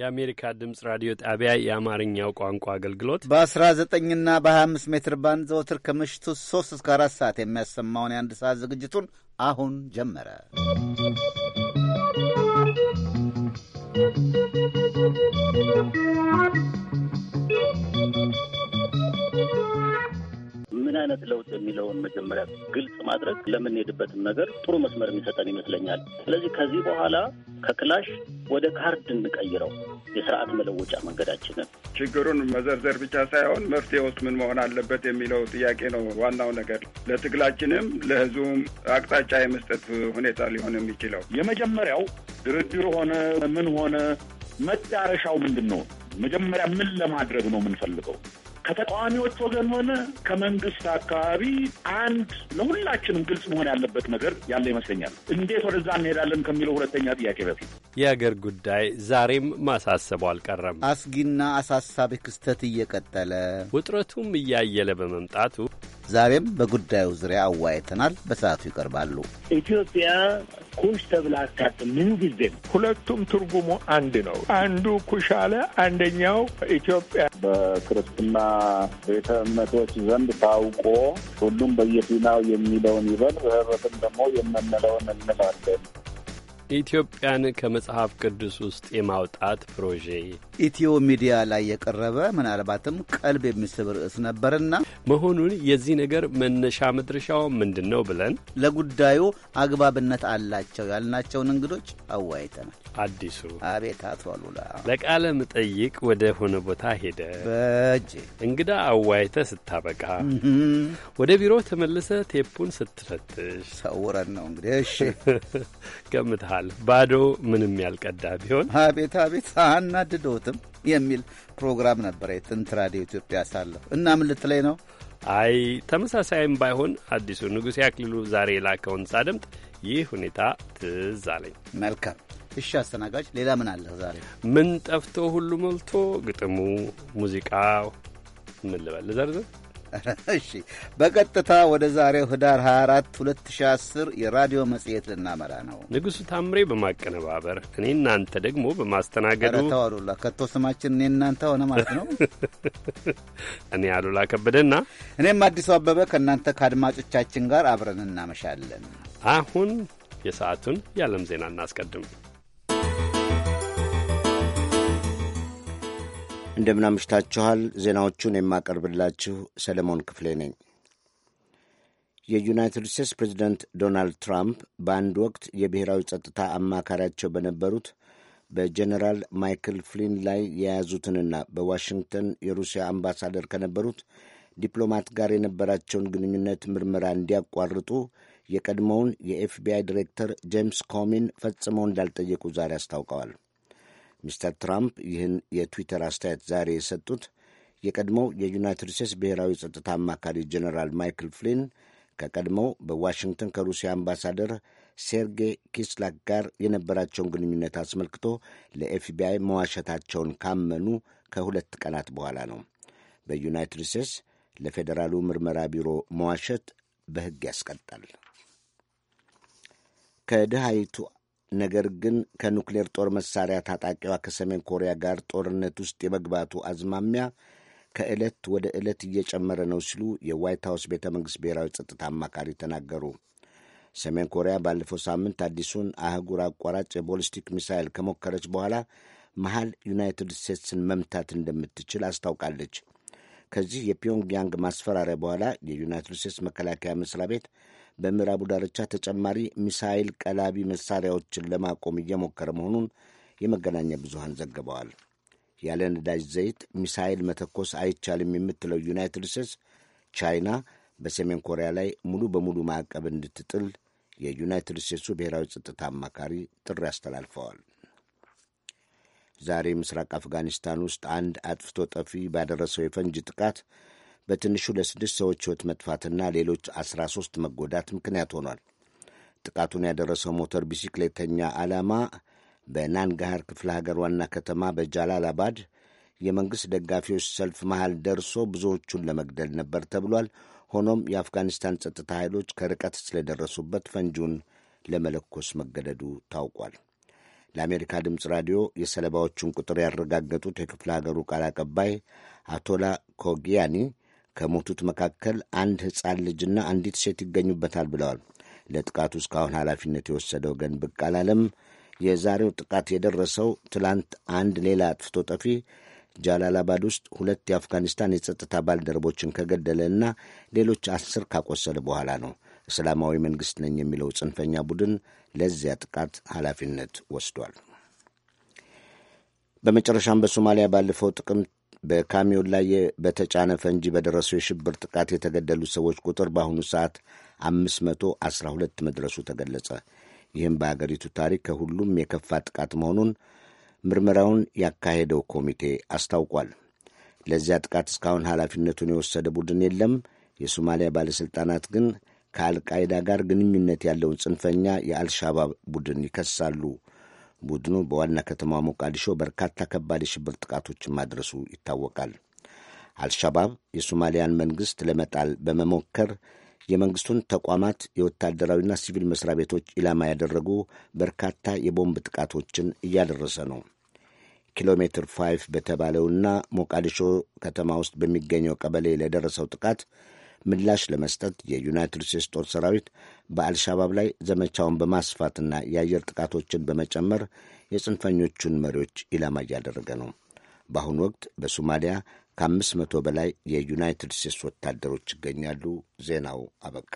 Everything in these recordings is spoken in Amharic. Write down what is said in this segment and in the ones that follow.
የአሜሪካ ድምፅ ራዲዮ ጣቢያ የአማርኛው ቋንቋ አገልግሎት በ19 ና በ25 ሜትር ባንድ ዘወትር ከምሽቱ 3 እስከ 4 ሰዓት የሚያሰማውን የአንድ ሰዓት ዝግጅቱን አሁን ጀመረ። ¶¶ ምን አይነት ለውጥ የሚለውን መጀመሪያ ግልጽ ማድረግ ለምንሄድበትም ነገር ጥሩ መስመር የሚሰጠን ይመስለኛል። ስለዚህ ከዚህ በኋላ ከክላሽ ወደ ካርድ እንቀይረው የስርዓት መለወጫ መንገዳችንን። ችግሩን መዘርዘር ብቻ ሳይሆን መፍትሄ ውስጥ ምን መሆን አለበት የሚለው ጥያቄ ነው ዋናው ነገር። ለትግላችንም ለህዝቡም አቅጣጫ የመስጠት ሁኔታ ሊሆን የሚችለው የመጀመሪያው ድርድር ሆነ ምን ሆነ መዳረሻው ምንድን ነው? መጀመሪያ ምን ለማድረግ ነው የምንፈልገው? ከተቃዋሚዎች ወገን ሆነ ከመንግስት አካባቢ አንድ ለሁላችንም ግልጽ መሆን ያለበት ነገር ያለ ይመስለኛል። እንዴት ወደዛ እንሄዳለን ከሚለው ሁለተኛ ጥያቄ በፊት የአገር ጉዳይ ዛሬም ማሳሰቡ አልቀረም። አስጊና አሳሳቢ ክስተት እየቀጠለ ውጥረቱም እያየለ በመምጣቱ ዛሬም በጉዳዩ ዙሪያ አወያይተናል። በሰዓቱ ይቀርባሉ። ኢትዮጵያ ኩሽ ተብላ አታውቅም። ምን ጊዜም ሁለቱም ትርጉሙ አንድ ነው። አንዱ ኩሽ አለ፣ አንደኛው ኢትዮጵያ። በክርስትና ቤተ እምነቶች ዘንድ ታውቆ ሁሉም በየፊናው የሚለውን ይበል፣ በህብረትም ደግሞ የምንለውን እንላለን። ኢትዮጵያን ከመጽሐፍ ቅዱስ ውስጥ የማውጣት ፕሮጄ ኢትዮ ሚዲያ ላይ የቀረበ ምናልባትም ቀልብ የሚስብ ርዕስ ነበርና መሆኑን የዚህ ነገር መነሻ መድረሻው ምንድን ነው ብለን ለጉዳዩ አግባብነት አላቸው ያልናቸውን እንግዶች አወያይተናል። አዲሱ አቤት፣ አቶ አሉላ ለቃለ መጠይቅ ወደ ሆነ ቦታ ሄደ በእጅ እንግዳ አዋይተ ስታበቃ ወደ ቢሮ ተመልሰ ቴፑን ስትፈትሽ ሰውረን ነው እንግዲህ። እሺ ገምትሃል፣ ባዶ ምንም ያልቀዳ ቢሆን አቤት አቤት፣ አናድዶትም የሚል ፕሮግራም ነበረ የጥንት ራዲዮ ኢትዮጵያ ሳለሁ እና ምን ልትለይ ነው? አይ ተመሳሳይም ባይሆን አዲሱ ንጉሴ አክሊሉ ዛሬ የላከውን ሳደምጥ ይህ ሁኔታ ትዝ አለኝ። መልካም እሺ አስተናጋጅ፣ ሌላ ምን አለ ዛሬ? ምን ጠፍቶ ሁሉ ሞልቶ ግጥሙ፣ ሙዚቃው ምን ልበል ዘርዝር። እሺ በቀጥታ ወደ ዛሬው ህዳር 24 2010 የራዲዮ መጽሔት ልናመራ ነው። ንጉሡ ታምሬ በማቀነባበር እኔ እናንተ ደግሞ በማስተናገዱ ረተው አሉላ ከቶ ስማችን እኔ እናንተ ሆነ ማለት ነው። እኔ አሉላ ከበደና እኔም አዲሱ አበበ ከእናንተ ከአድማጮቻችን ጋር አብረን እናመሻለን። አሁን የሰዓቱን የዓለም ዜና እናስቀድም። እንደምናምሽታችኋል። ዜናዎቹን የማቀርብላችሁ ሰለሞን ክፍሌ ነኝ። የዩናይትድ ስቴትስ ፕሬዚደንት ዶናልድ ትራምፕ በአንድ ወቅት የብሔራዊ ጸጥታ አማካሪያቸው በነበሩት በጀኔራል ማይክል ፍሊን ላይ የያዙትንና በዋሽንግተን የሩሲያ አምባሳደር ከነበሩት ዲፕሎማት ጋር የነበራቸውን ግንኙነት ምርመራ እንዲያቋርጡ የቀድሞውን የኤፍቢአይ ዲሬክተር ጄምስ ኮሚን ፈጽመው እንዳልጠየቁ ዛሬ አስታውቀዋል። ሚስተር ትራምፕ ይህን የትዊተር አስተያየት ዛሬ የሰጡት የቀድሞው የዩናይትድ ስቴትስ ብሔራዊ ጸጥታ አማካሪ ጀኔራል ማይክል ፍሊን ከቀድሞው በዋሽንግተን ከሩሲያ አምባሳደር ሴርጌይ ኪስላክ ጋር የነበራቸውን ግንኙነት አስመልክቶ ለኤፍቢአይ መዋሸታቸውን ካመኑ ከሁለት ቀናት በኋላ ነው። በዩናይትድ ስቴትስ ለፌዴራሉ ምርመራ ቢሮ መዋሸት በሕግ ያስቀጣል። ከድሃይቱ ነገር ግን ከኑክሌር ጦር መሳሪያ ታጣቂዋ ከሰሜን ኮሪያ ጋር ጦርነት ውስጥ የመግባቱ አዝማሚያ ከዕለት ወደ ዕለት እየጨመረ ነው ሲሉ የዋይት ሀውስ ቤተ መንግሥት ብሔራዊ ጸጥታ አማካሪ ተናገሩ። ሰሜን ኮሪያ ባለፈው ሳምንት አዲሱን አህጉር አቋራጭ የቦሊስቲክ ሚሳይል ከሞከረች በኋላ መሀል ዩናይትድ ስቴትስን መምታት እንደምትችል አስታውቃለች። ከዚህ የፒዮንግያንግ ማስፈራሪያ በኋላ የዩናይትድ ስቴትስ መከላከያ መስሪያ ቤት በምዕራቡ ዳርቻ ተጨማሪ ሚሳይል ቀላቢ መሳሪያዎችን ለማቆም እየሞከረ መሆኑን የመገናኛ ብዙሃን ዘግበዋል። ያለ ነዳጅ ዘይት ሚሳይል መተኮስ አይቻልም የምትለው ዩናይትድ ስቴትስ ቻይና በሰሜን ኮሪያ ላይ ሙሉ በሙሉ ማዕቀብ እንድትጥል የዩናይትድ ስቴትሱ ብሔራዊ ጸጥታ አማካሪ ጥሪ አስተላልፈዋል። ዛሬ ምስራቅ አፍጋኒስታን ውስጥ አንድ አጥፍቶ ጠፊ ባደረሰው የፈንጅ ጥቃት በትንሹ ለስድስት ሰዎች ሕይወት መጥፋትና ሌሎች አስራ ሶስት መጎዳት ምክንያት ሆኗል። ጥቃቱን ያደረሰው ሞተር ቢሲክሌተኛ ዓላማ በናንጋሃር ክፍለ ሀገር ዋና ከተማ በጃላላባድ የመንግሥት ደጋፊዎች ሰልፍ መሃል ደርሶ ብዙዎቹን ለመግደል ነበር ተብሏል። ሆኖም የአፍጋኒስታን ጸጥታ ኃይሎች ከርቀት ስለደረሱበት ፈንጂውን ለመለኮስ መገደዱ ታውቋል። ለአሜሪካ ድምፅ ራዲዮ የሰለባዎቹን ቁጥር ያረጋገጡት የክፍለ ሀገሩ ቃል አቀባይ አቶላ ኮጊያኒ ከሞቱት መካከል አንድ ሕፃን ልጅና አንዲት ሴት ይገኙበታል ብለዋል። ለጥቃቱ እስካሁን ኃላፊነት የወሰደው ወገን ብቅ አላለም። የዛሬው ጥቃት የደረሰው ትላንት አንድ ሌላ አጥፍቶ ጠፊ ጃላላባድ ውስጥ ሁለት የአፍጋኒስታን የጸጥታ ባልደረቦችን እና ሌሎች አስር ካቆሰለ በኋላ ነው። እስላማዊ መንግሥት ነኝ የሚለው ጽንፈኛ ቡድን ለዚያ ጥቃት ኃላፊነት ወስዷል። በመጨረሻም በሶማሊያ ባለፈው ጥቅምት በካሚዮን ላይ በተጫነ ፈንጂ በደረሱ የሽብር ጥቃት የተገደሉ ሰዎች ቁጥር በአሁኑ ሰዓት 512 መድረሱ ተገለጸ። ይህም በአገሪቱ ታሪክ ከሁሉም የከፋ ጥቃት መሆኑን ምርመራውን ያካሄደው ኮሚቴ አስታውቋል። ለዚያ ጥቃት እስካሁን ኃላፊነቱን የወሰደ ቡድን የለም። የሶማሊያ ባለሥልጣናት ግን ከአልቃይዳ ጋር ግንኙነት ያለውን ጽንፈኛ የአልሻባብ ቡድን ይከሳሉ። ቡድኑ በዋና ከተማ ሞቃዲሾ በርካታ ከባድ የሽብር ጥቃቶችን ማድረሱ ይታወቃል። አልሻባብ የሶማሊያን መንግሥት ለመጣል በመሞከር የመንግሥቱን ተቋማት የወታደራዊና ሲቪል መሥሪያ ቤቶች ኢላማ ያደረጉ በርካታ የቦምብ ጥቃቶችን እያደረሰ ነው። ኪሎ ሜትር 5 በተባለውና ሞቃዲሾ ከተማ ውስጥ በሚገኘው ቀበሌ ለደረሰው ጥቃት ምላሽ ለመስጠት የዩናይትድ ስቴትስ ጦር ሰራዊት በአልሻባብ ላይ ዘመቻውን በማስፋትና የአየር ጥቃቶችን በመጨመር የጽንፈኞቹን መሪዎች ኢላማ እያደረገ ነው። በአሁኑ ወቅት በሶማሊያ ከአምስት መቶ በላይ የዩናይትድ ስቴትስ ወታደሮች ይገኛሉ። ዜናው አበቃ።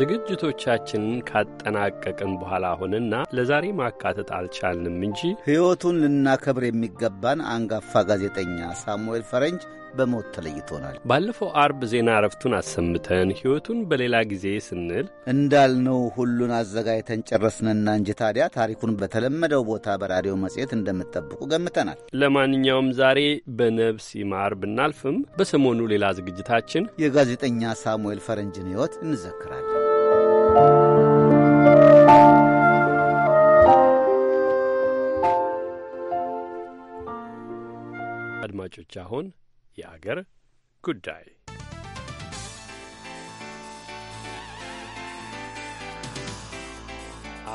ዝግጅቶቻችንን ካጠናቀቅን በኋላ ሆነና ለዛሬ ማካተት አልቻልንም እንጂ ሕይወቱን ልናከብር የሚገባን አንጋፋ ጋዜጠኛ ሳሙኤል ፈረንጅ በሞት ተለይቶናል። ባለፈው አርብ ዜና እረፍቱን አሰምተን ሕይወቱን በሌላ ጊዜ ስንል እንዳልነው ሁሉን አዘጋጅተን ጨረስንና እንጂ ታዲያ ታሪኩን በተለመደው ቦታ በራዲዮ መጽሔት እንደምጠብቁ ገምተናል። ለማንኛውም ዛሬ በነብስ ይማር ብናልፍም በሰሞኑ ሌላ ዝግጅታችን የጋዜጠኛ ሳሙኤል ፈረንጅን ሕይወት እንዘክራለን። አድማጮች፣ አሁን የአገር ጉዳይ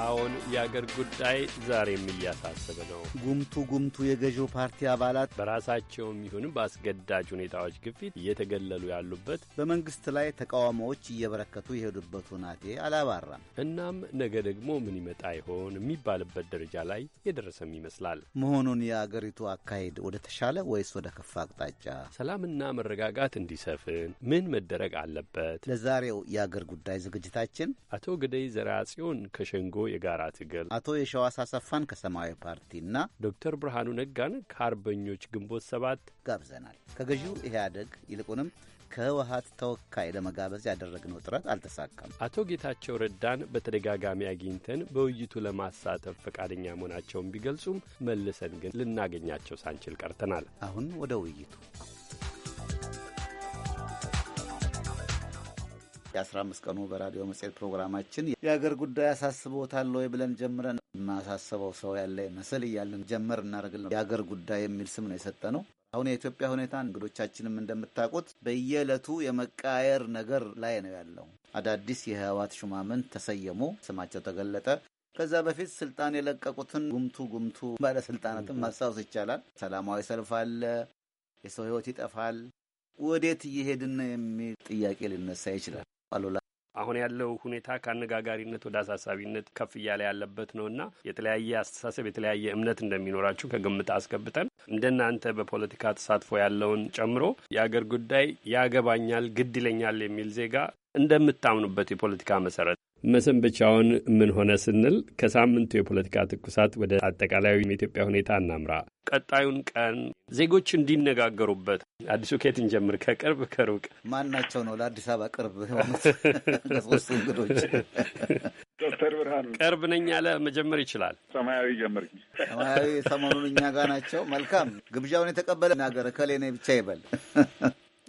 አዎን፣ የአገር ጉዳይ ዛሬም እያሳሰበ ነው። ጉምቱ ጉምቱ የገዢው ፓርቲ አባላት በራሳቸውም ይሁን በአስገዳጅ ሁኔታዎች ግፊት እየተገለሉ ያሉበት፣ በመንግስት ላይ ተቃውሞዎች እየበረከቱ የሄዱበት ሁናቴ አላባራም። እናም ነገ ደግሞ ምን ይመጣ ይሆን የሚባልበት ደረጃ ላይ የደረሰም ይመስላል። መሆኑን የአገሪቱ አካሄድ ወደ ተሻለ ወይስ ወደ ከፋ አቅጣጫ ሰላምና መረጋጋት እንዲሰፍን ምን መደረግ አለበት? ለዛሬው የአገር ጉዳይ ዝግጅታችን አቶ ግደይ ዘርአጽዮን ከሸንጎ የጋራ ትግል አቶ የሸዋስ አሰፋን ከሰማያዊ ፓርቲና ዶክተር ብርሃኑ ነጋን ከአርበኞች ግንቦት ሰባት ጋብዘናል። ከገዢው ኢህአደግ ይልቁንም ከህወሀት ተወካይ ለመጋበዝ ያደረግነው ጥረት አልተሳካም። አቶ ጌታቸው ረዳን በተደጋጋሚ አግኝተን በውይይቱ ለማሳተፍ ፈቃደኛ መሆናቸውን ቢገልጹም መልሰን ግን ልናገኛቸው ሳንችል ቀርተናል። አሁን ወደ ውይይቱ የ15 ቀኑ በራዲዮ መጽሔት ፕሮግራማችን የአገር ጉዳይ አሳስቦታል ወይ ብለን ጀምረን የማሳስበው ሰው ያለ ይመስል እያለን ጀመር እናደርግል የአገር ጉዳይ የሚል ስም ነው የሰጠ ነው። አሁን የኢትዮጵያ ሁኔታ እንግዶቻችንም እንደምታውቁት በየዕለቱ የመቃየር ነገር ላይ ነው ያለው። አዳዲስ የህወሓት ሹማምን ተሰየሙ፣ ስማቸው ተገለጠ። ከዛ በፊት ስልጣን የለቀቁትን ጉምቱ ጉምቱ ባለስልጣናትን ማስታወስ ይቻላል። ሰላማዊ ሰልፍ አለ፣ የሰው ህይወት ይጠፋል። ወዴት እየሄድን የሚል ጥያቄ ሊነሳ ይችላል። አሉላ አሁን ያለው ሁኔታ ከአነጋጋሪነት ወደ አሳሳቢነት ከፍ እያለ ያለበት ነው እና የተለያየ አስተሳሰብ የተለያየ እምነት እንደሚኖራችሁ ከግምት አስገብተን እንደናንተ በፖለቲካ ተሳትፎ ያለውን ጨምሮ የአገር ጉዳይ ያገባኛል፣ ግድ ይለኛል የሚል ዜጋ እንደምታምኑበት የፖለቲካ መሰረት መሰንበቻውን ምን ሆነ ስንል ከሳምንቱ የፖለቲካ ትኩሳት ወደ አጠቃላዩ የኢትዮጵያ ሁኔታ እናምራ። ቀጣዩን ቀን ዜጎች እንዲነጋገሩበት አዲሱ ኬት እንጀምር? ከቅርብ ከሩቅ ማናቸው ነው? ለአዲስ አበባ ቅርብ የሆኑት ለሶስቱ እንግዶች ዶክተር ብርሃኑ ቅርብ ነኝ ያለ መጀመር ይችላል። ሰማያዊ ጀምር። ሰማያዊ ሰሞኑን እኛ ጋ ናቸው። መልካም ግብዣውን የተቀበለ ናገር ከሌ ነኝ ብቻ ይበል።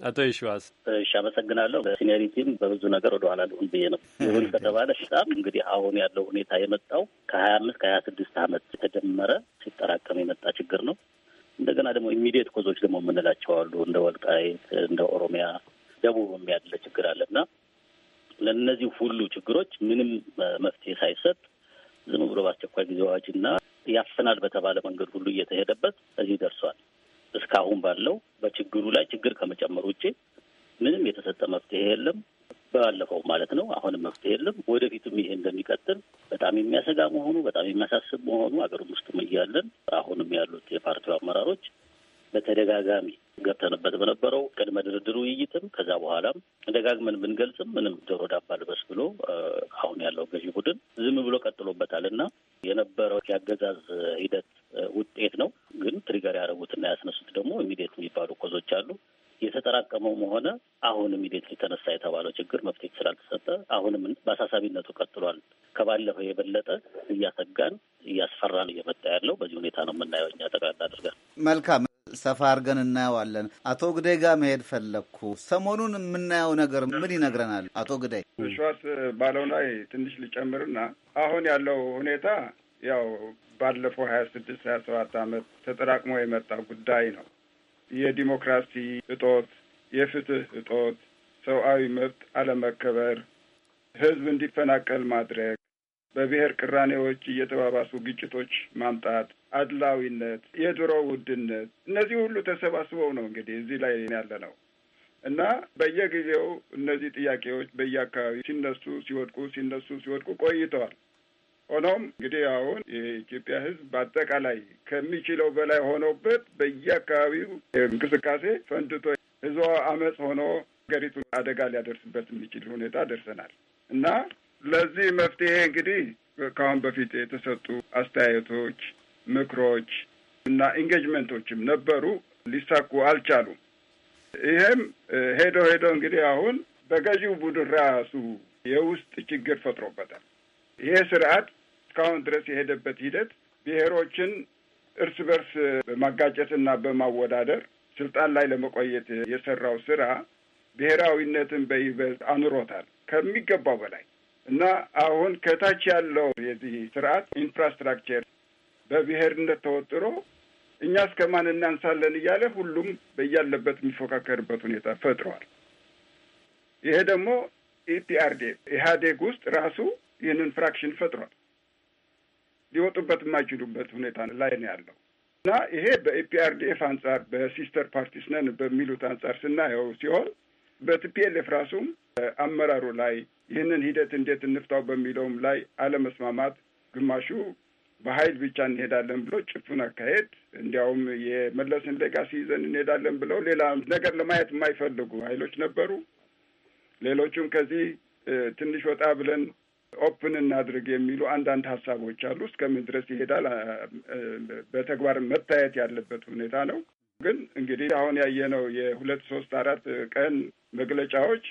አቶ ይሸዋስ እሺ፣ አመሰግናለሁ። ሲኒሪቲም በብዙ ነገር ወደኋላ ልሁን ብዬ ነው። ይሁን ከተባለ በጣም እንግዲህ አሁን ያለው ሁኔታ የመጣው ከሀያ አምስት ከሀያ ስድስት አመት የተጀመረ ሲጠራቀም የመጣ ችግር ነው። እንደገና ደግሞ ኢሚዲየት ኮዞች ደግሞ የምንላቸው አሉ። እንደ ወልቃይት፣ እንደ ኦሮሚያ ደቡብም ያለ ችግር አለ እና ለእነዚህ ሁሉ ችግሮች ምንም መፍትሄ ሳይሰጥ ዝም ብሎ በአስቸኳይ ጊዜ አዋጅና ያፍናል በተባለ መንገድ ሁሉ እየተሄደበት እዚህ ደርሷል። እስካሁን ባለው በችግሩ ላይ ችግር ከመጨመር ውጭ ምንም የተሰጠ መፍትሄ የለም። ባለፈው ማለት ነው። አሁንም መፍትሄ የለም። ወደፊትም ይሄ እንደሚቀጥል በጣም የሚያሰጋ መሆኑ በጣም የሚያሳስብ መሆኑ አገር ውስጥም እያለን አሁንም ያሉት የፓርቲው አመራሮች በተደጋጋሚ ገብተንበት በነበረው ቅድመ ድርድር ውይይትም ከዛ በኋላም ደጋግመን ብንገልጽም ምንም ጆሮ ዳባ ልበስ ብሎ አሁን ያለው ገዢ ቡድን ዝም ብሎ ቀጥሎበታል እና የነበረው የአገዛዝ ሂደት ውጤት ነው። ግን ትሪገር ያደረጉትና ያስነሱት ደግሞ ኢሚዲየት የሚባሉ ኮዞች አሉ። የተጠራቀመውም ሆነ አሁን ኢሚዲየት ሊተነሳ የተባለው ችግር መፍትሄ ስላልተሰጠ አሁንም በአሳሳቢነቱ ቀጥሏል። ከባለፈው የበለጠ እያሰጋን እያስፈራን እየመጣ ያለው በዚህ ሁኔታ ነው የምናየው እኛ ጠቅላላ አድርገን መልካም ሰፋ አድርገን እናየዋለን። አቶ ግዳይ ጋር መሄድ ፈለግኩ። ሰሞኑን የምናየው ነገር ምን ይነግረናል? አቶ ግዳይ ሸዋስ ባለው ላይ ትንሽ ልጨምርና አሁን ያለው ሁኔታ ያው ባለፈው ሀያ ስድስት ሀያ ሰባት ዓመት ተጠራቅሞ የመጣ ጉዳይ ነው። የዲሞክራሲ እጦት፣ የፍትህ እጦት፣ ሰብአዊ መብት አለመከበር፣ ህዝብ እንዲፈናቀል ማድረግ በብሔር ቅራኔዎች እየተባባሱ ግጭቶች ማምጣት፣ አድላዊነት፣ የድሮ ውድነት፣ እነዚህ ሁሉ ተሰባስበው ነው እንግዲህ እዚህ ላይ ያለ ነው እና በየጊዜው እነዚህ ጥያቄዎች በየአካባቢው ሲነሱ ሲወድቁ ሲነሱ ሲወድቁ ቆይተዋል። ሆኖም እንግዲህ አሁን የኢትዮጵያ ሕዝብ በአጠቃላይ ከሚችለው በላይ ሆኖበት በየአካባቢው እንቅስቃሴ ፈንድቶ ህዝባዊ አመፅ ሆኖ ሀገሪቱን አደጋ ሊያደርስበት የሚችል ሁኔታ ደርሰናል እና ለዚህ መፍትሄ እንግዲህ ከአሁን በፊት የተሰጡ አስተያየቶች፣ ምክሮች እና ኢንጌጅመንቶችም ነበሩ፣ ሊሳኩ አልቻሉም። ይሄም ሄዶ ሄዶ እንግዲህ አሁን በገዢው ቡድን ራሱ የውስጥ ችግር ፈጥሮበታል። ይሄ ስርዓት እስካሁን ድረስ የሄደበት ሂደት ብሔሮችን እርስ በርስ በማጋጨትና በማወዳደር ስልጣን ላይ ለመቆየት የሰራው ስራ ብሔራዊነትን በይበልጥ አኑሮታል ከሚገባው በላይ እና አሁን ከታች ያለው የዚህ ስርዓት ኢንፍራስትራክቸር በብሔርነት ተወጥሮ እኛ እስከ ማን እናንሳለን እያለ ሁሉም በያለበት የሚፎካከርበት ሁኔታ ፈጥሯል። ይሄ ደግሞ ኢፒአርዴፍ ኢህአዴግ ውስጥ ራሱ ይህንን ፍራክሽን ፈጥሯል። ሊወጡበት የማይችሉበት ሁኔታ ላይ ነው ያለው እና ይሄ በኢፒአርዲኤፍ አንጻር በሲስተር ፓርቲስ ነን በሚሉት አንጻር ስናየው ሲሆን በቲፒኤልኤፍ ራሱም አመራሩ ላይ ይህንን ሂደት እንዴት እንፍታው በሚለውም ላይ አለመስማማት፣ ግማሹ በኃይል ብቻ እንሄዳለን ብሎ ጭፍን አካሄድ፣ እንዲያውም የመለስን ሌጋሲ ይዘን እንሄዳለን ብለው ሌላ ነገር ለማየት የማይፈልጉ ኃይሎች ነበሩ። ሌሎቹም ከዚህ ትንሽ ወጣ ብለን ኦፕን እናድርግ የሚሉ አንዳንድ ሀሳቦች አሉ። እስከምን ድረስ ይሄዳል? በተግባር መታየት ያለበት ሁኔታ ነው። ግን እንግዲህ አሁን ያየነው የሁለት ሶስት አራት ቀን መግለጫዎች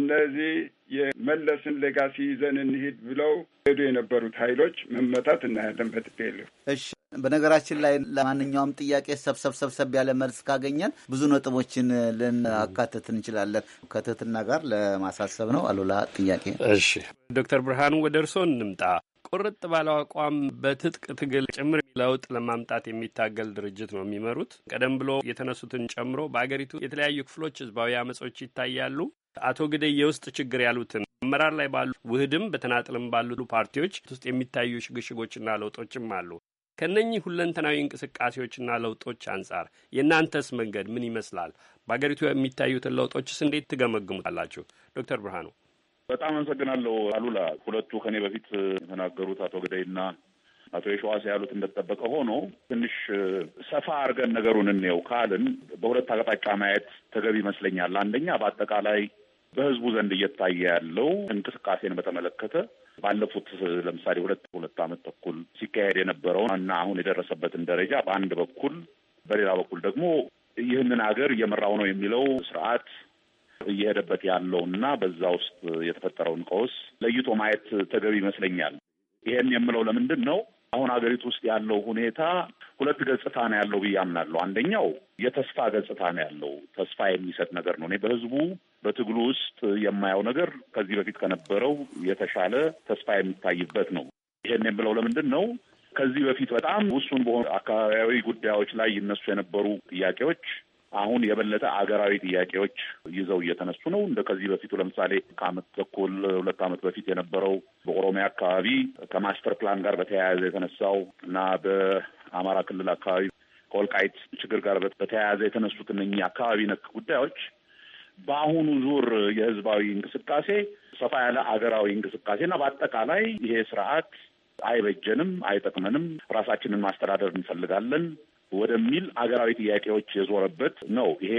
እነዚህ የመለስን ሌጋሲ ይዘን እንሂድ ብለው ሄዱ የነበሩት ኃይሎች መመታት እናያለን። በትፔልፍ እሺ። በነገራችን ላይ ለማንኛውም ጥያቄ ሰብሰብ ሰብሰብ ያለ መልስ ካገኘን ብዙ ነጥቦችን ልናካትት እንችላለን። ከትህትና ጋር ለማሳሰብ ነው። አሉላ ጥያቄ። እሺ ዶክተር ብርሃኑ ወደ እርስዎ እንምጣ። ቁርጥ ባለው አቋም በትጥቅ ትግል ጭምር ለውጥ ለማምጣት የሚታገል ድርጅት ነው የሚመሩት። ቀደም ብሎ የተነሱትን ጨምሮ በአገሪቱ የተለያዩ ክፍሎች ህዝባዊ አመጾች ይታያሉ። አቶ ግደይ የውስጥ ችግር ያሉትን አመራር ላይ ባሉ ውህድም በተናጥልም ባሉ ፓርቲዎች ውስጥ የሚታዩ ሽግሽጎችና ለውጦችም አሉ። ከእነኚህ ሁለንተናዊ እንቅስቃሴዎችና ለውጦች አንጻር የእናንተስ መንገድ ምን ይመስላል? በአገሪቱ የሚታዩትን ለውጦችስ እንዴት ትገመግሙታላችሁ? ዶክተር ብርሃኑ በጣም አመሰግናለሁ አሉላ። ሁለቱ ከኔ በፊት የተናገሩት አቶ ግደይና አቶ የሸዋስ ያሉት እንደተጠበቀ ሆኖ ትንሽ ሰፋ አድርገን ነገሩን እንየው ካልን በሁለት አቅጣጫ ማየት ተገቢ ይመስለኛል። አንደኛ በአጠቃላይ በህዝቡ ዘንድ እየታየ ያለው እንቅስቃሴን በተመለከተ ባለፉት ለምሳሌ ሁለት ሁለት ዓመት ተኩል ሲካሄድ የነበረውን እና አሁን የደረሰበትን ደረጃ በአንድ በኩል፣ በሌላ በኩል ደግሞ ይህንን ሀገር እየመራው ነው የሚለው ስርዓት እየሄደበት ያለው እና በዛ ውስጥ የተፈጠረውን ቀውስ ለይቶ ማየት ተገቢ ይመስለኛል። ይሄን የምለው ለምንድን ነው? አሁን ሀገሪቱ ውስጥ ያለው ሁኔታ ሁለት ገጽታ ነው ያለው ብዬ አምናለሁ። አንደኛው የተስፋ ገጽታ ነው ያለው፣ ተስፋ የሚሰጥ ነገር ነው። እኔ በህዝቡ በትግሉ ውስጥ የማየው ነገር ከዚህ በፊት ከነበረው የተሻለ ተስፋ የሚታይበት ነው። ይሄን የምለው ለምንድን ነው? ከዚህ በፊት በጣም ውሱን በሆኑ አካባቢያዊ ጉዳዮች ላይ ይነሱ የነበሩ ጥያቄዎች አሁን የበለጠ አገራዊ ጥያቄዎች ይዘው እየተነሱ ነው። እንደ ከዚህ በፊቱ ለምሳሌ ከአመት ተኩል ሁለት ዓመት በፊት የነበረው በኦሮሚያ አካባቢ ከማስተር ፕላን ጋር በተያያዘ የተነሳው እና በአማራ ክልል አካባቢ ከወልቃይት ችግር ጋር በተያያዘ የተነሱት እነኚህ አካባቢ ነክ ጉዳዮች በአሁኑ ዙር የህዝባዊ እንቅስቃሴ ሰፋ ያለ አገራዊ እንቅስቃሴ እና በአጠቃላይ ይሄ ስርዓት አይበጀንም፣ አይጠቅመንም፣ ራሳችንን ማስተዳደር እንፈልጋለን ወደሚል አገራዊ ጥያቄዎች የዞረበት ነው። ይሄ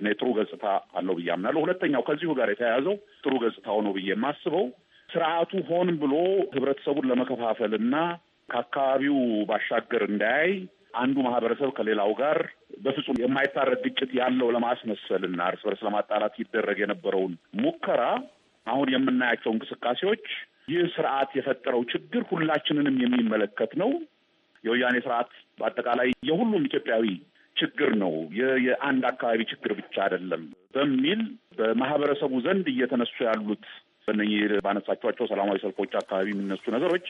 እኔ ጥሩ ገጽታ አለው ብዬ አምናለሁ። ሁለተኛው ከዚሁ ጋር የተያያዘው ጥሩ ገጽታው ነው ብዬ የማስበው ስርዓቱ ሆን ብሎ ህብረተሰቡን ለመከፋፈል እና ከአካባቢው ባሻገር እንዳያይ አንዱ ማህበረሰብ ከሌላው ጋር በፍጹም የማይታረቅ ግጭት ያለው ለማስመሰልና እርስ በርስ ለማጣላት ይደረግ የነበረውን ሙከራ አሁን የምናያቸው እንቅስቃሴዎች ይህ ስርዓት የፈጠረው ችግር ሁላችንንም የሚመለከት ነው። የወያኔ ስርዓት በአጠቃላይ የሁሉም ኢትዮጵያዊ ችግር ነው፣ የአንድ አካባቢ ችግር ብቻ አይደለም በሚል በማህበረሰቡ ዘንድ እየተነሱ ያሉት በእነኚህ ባነሳቸኋቸው ሰላማዊ ሰልፎች አካባቢ የሚነሱ ነገሮች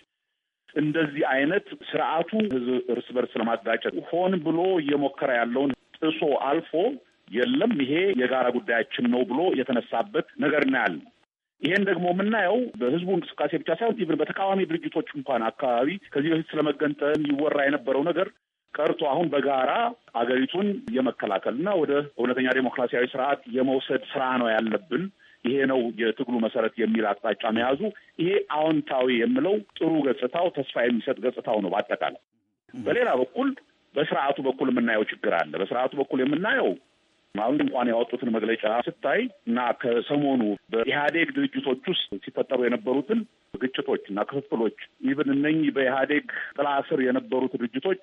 እንደዚህ አይነት ስርዓቱ ህዝብ እርስ በርስ ለማጋጨት ሆን ብሎ እየሞከረ ያለውን ጥሶ አልፎ የለም ይሄ የጋራ ጉዳያችን ነው ብሎ የተነሳበት ነገር እናያለን። ይህን ደግሞ የምናየው በህዝቡ እንቅስቃሴ ብቻ ሳይሆን ኢቭን በተቃዋሚ ድርጅቶች እንኳን አካባቢ ከዚህ በፊት ስለመገንጠል ይወራ የነበረው ነገር ቀርቶ አሁን በጋራ አገሪቱን እና ወደ እውነተኛ ዴሞክራሲያዊ ስርዓት የመውሰድ ስራ ነው ያለብን። ይሄ ነው የትግሉ መሰረት የሚል አቅጣጫ መያዙ፣ ይሄ አዎንታዊ የምለው ጥሩ ገጽታው፣ ተስፋ የሚሰጥ ገጽታው ነው። በአጠቃላይ በሌላ በኩል በስርዓቱ በኩል የምናየው ችግር አለ። በስርዓቱ በኩል የምናየው አሁን እንኳን ያወጡትን መግለጫ ስታይ እና ከሰሞኑ በኢህአዴግ ድርጅቶች ውስጥ ሲፈጠሩ የነበሩትን ግጭቶች እና ክፍፍሎች ኢቨን እነኚህ በኢህአዴግ ጥላ ስር የነበሩት ድርጅቶች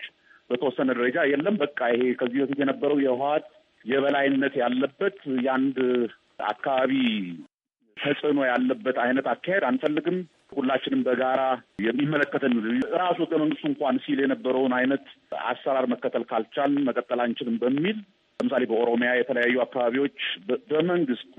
በተወሰነ ደረጃ የለም በቃ ይሄ ከዚህ በፊት የነበረው የህወሓት የበላይነት ያለበት የአንድ አካባቢ ተጽዕኖ ያለበት አይነት አካሄድ አንፈልግም፣ ሁላችንም በጋራ የሚመለከተን ራሱ ህገ መንግስቱ እንኳን ሲል የነበረውን አይነት አሰራር መከተል ካልቻል መቀጠል አንችልም በሚል ለምሳሌ በኦሮሚያ የተለያዩ አካባቢዎች በመንግስት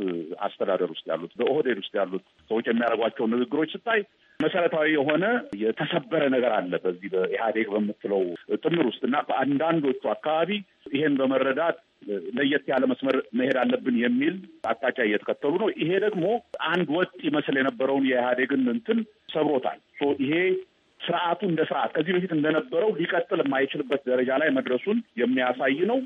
አስተዳደር ውስጥ ያሉት በኦህዴድ ውስጥ ያሉት ሰዎች የሚያደርጓቸው ንግግሮች ስታይ መሰረታዊ የሆነ የተሰበረ ነገር አለ በዚህ በኢህአዴግ በምትለው ጥምር ውስጥ እና በአንዳንዶቹ አካባቢ ይሄን በመረዳት ለየት ያለ መስመር መሄድ አለብን የሚል አቅጣጫ እየተከተሉ ነው። ይሄ ደግሞ አንድ ወጥ ይመስል የነበረውን የኢህአዴግን እንትን ሰብሮታል። ይሄ ስርዓቱ እንደ ስርዓት ከዚህ በፊት እንደነበረው ሊቀጥል የማይችልበት ደረጃ ላይ መድረሱን የሚያሳይ ነው።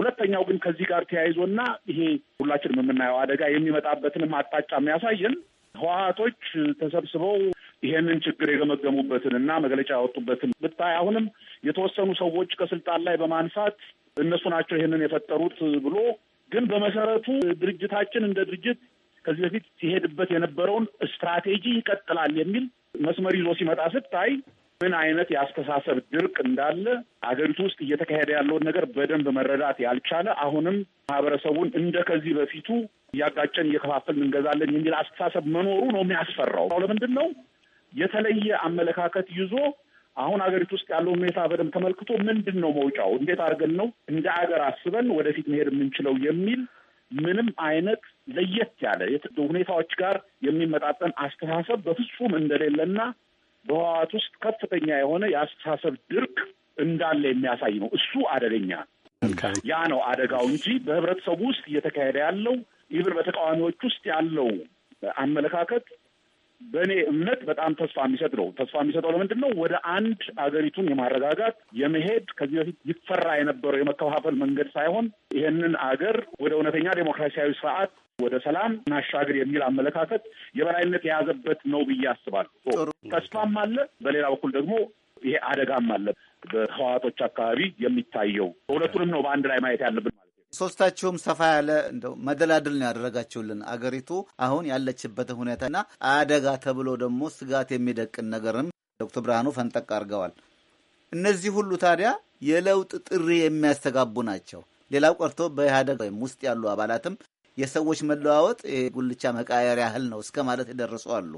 ሁለተኛው ግን ከዚህ ጋር ተያይዞና ይሄ ሁላችንም የምናየው አደጋ የሚመጣበትንም አቅጣጫ የሚያሳየን ህወሀቶች ተሰብስበው ይሄንን ችግር የገመገሙበትን እና መግለጫ ያወጡበትን ብታይ አሁንም የተወሰኑ ሰዎች ከስልጣን ላይ በማንሳት እነሱ ናቸው ይሄንን የፈጠሩት ብሎ ግን በመሰረቱ ድርጅታችን እንደ ድርጅት ከዚህ በፊት ሲሄድበት የነበረውን ስትራቴጂ ይቀጥላል የሚል መስመር ይዞ ሲመጣ ስታይ ምን አይነት የአስተሳሰብ ድርቅ እንዳለ አገሪቱ ውስጥ እየተካሄደ ያለውን ነገር በደንብ መረዳት ያልቻለ አሁንም ማህበረሰቡን እንደ ከዚህ በፊቱ እያጋጨን እየከፋፈልን እንገዛለን የሚል አስተሳሰብ መኖሩ ነው የሚያስፈራው። ለምንድን ነው የተለየ አመለካከት ይዞ አሁን አገሪቱ ውስጥ ያለው ሁኔታ በደንብ ተመልክቶ ምንድን ነው መውጫው፣ እንዴት አድርገን ነው እንደ አገር አስበን ወደፊት መሄድ የምንችለው የሚል ምንም አይነት ለየት ያለ ሁኔታዎች ጋር የሚመጣጠን አስተሳሰብ በፍጹም እንደሌለና በህወሓት ውስጥ ከፍተኛ የሆነ የአስተሳሰብ ድርቅ እንዳለ የሚያሳይ ነው። እሱ አደገኛ ያ ነው አደጋው እንጂ በህብረተሰቡ ውስጥ እየተካሄደ ያለው ይብን በተቃዋሚዎች ውስጥ ያለው አመለካከት በእኔ እምነት በጣም ተስፋ የሚሰጥ ነው። ተስፋ የሚሰጠው ለምንድን ነው? ወደ አንድ አገሪቱን የማረጋጋት የመሄድ ከዚህ በፊት ይፈራ የነበረው የመከፋፈል መንገድ ሳይሆን ይሄንን አገር ወደ እውነተኛ ዴሞክራሲያዊ ስርዓት ወደ ሰላም እናሻግር የሚል አመለካከት የበላይነት የያዘበት ነው ብዬ አስባለሁ። ተስፋም አለ። በሌላ በኩል ደግሞ ይሄ አደጋም አለ በህዋቶች አካባቢ የሚታየው። ሁለቱንም ነው በአንድ ላይ ማየት ያለብን ማለት ነው። ሶስታችሁም ሰፋ ያለ እንደው መደላድል ነው ያደረጋችሁልን። አገሪቱ አሁን ያለችበት ሁኔታና አደጋ ተብሎ ደግሞ ስጋት የሚደቅን ነገርም ዶክተር ብርሃኑ ፈንጠቅ አድርገዋል። እነዚህ ሁሉ ታዲያ የለውጥ ጥሪ የሚያስተጋቡ ናቸው። ሌላው ቀርቶ በኢህአደግ ውስጥ ያሉ አባላትም የሰዎች መለዋወጥ ጉልቻ መቃየር ያህል ነው እስከ ማለት የደረሱ አሉ።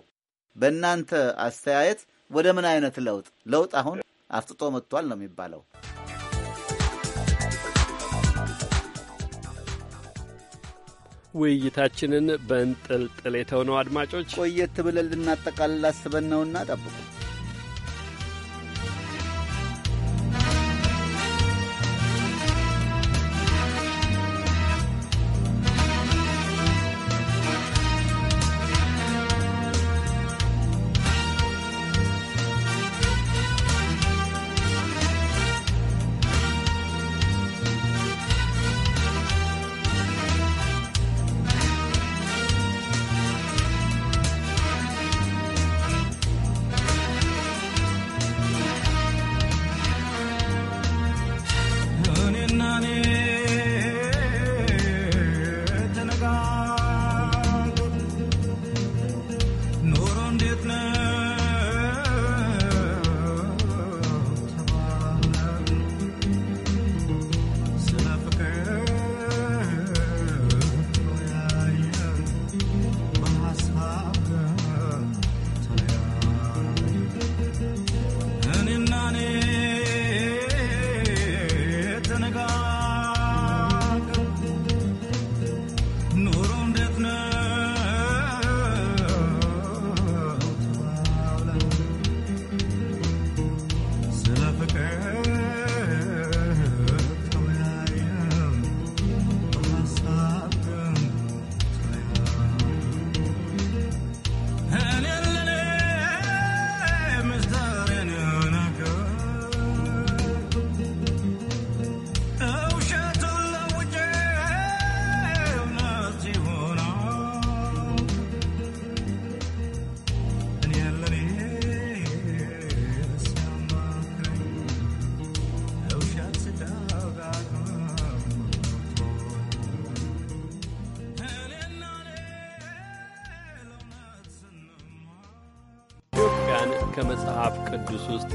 በእናንተ አስተያየት ወደ ምን አይነት ለውጥ ለውጥ አሁን አፍጥጦ መጥቷል ነው የሚባለው? ውይይታችንን በእንጥልጥል የተውነው አድማጮች ቆየት ብለን ልናጠቃልል አስበን ነውና ጠብቁ።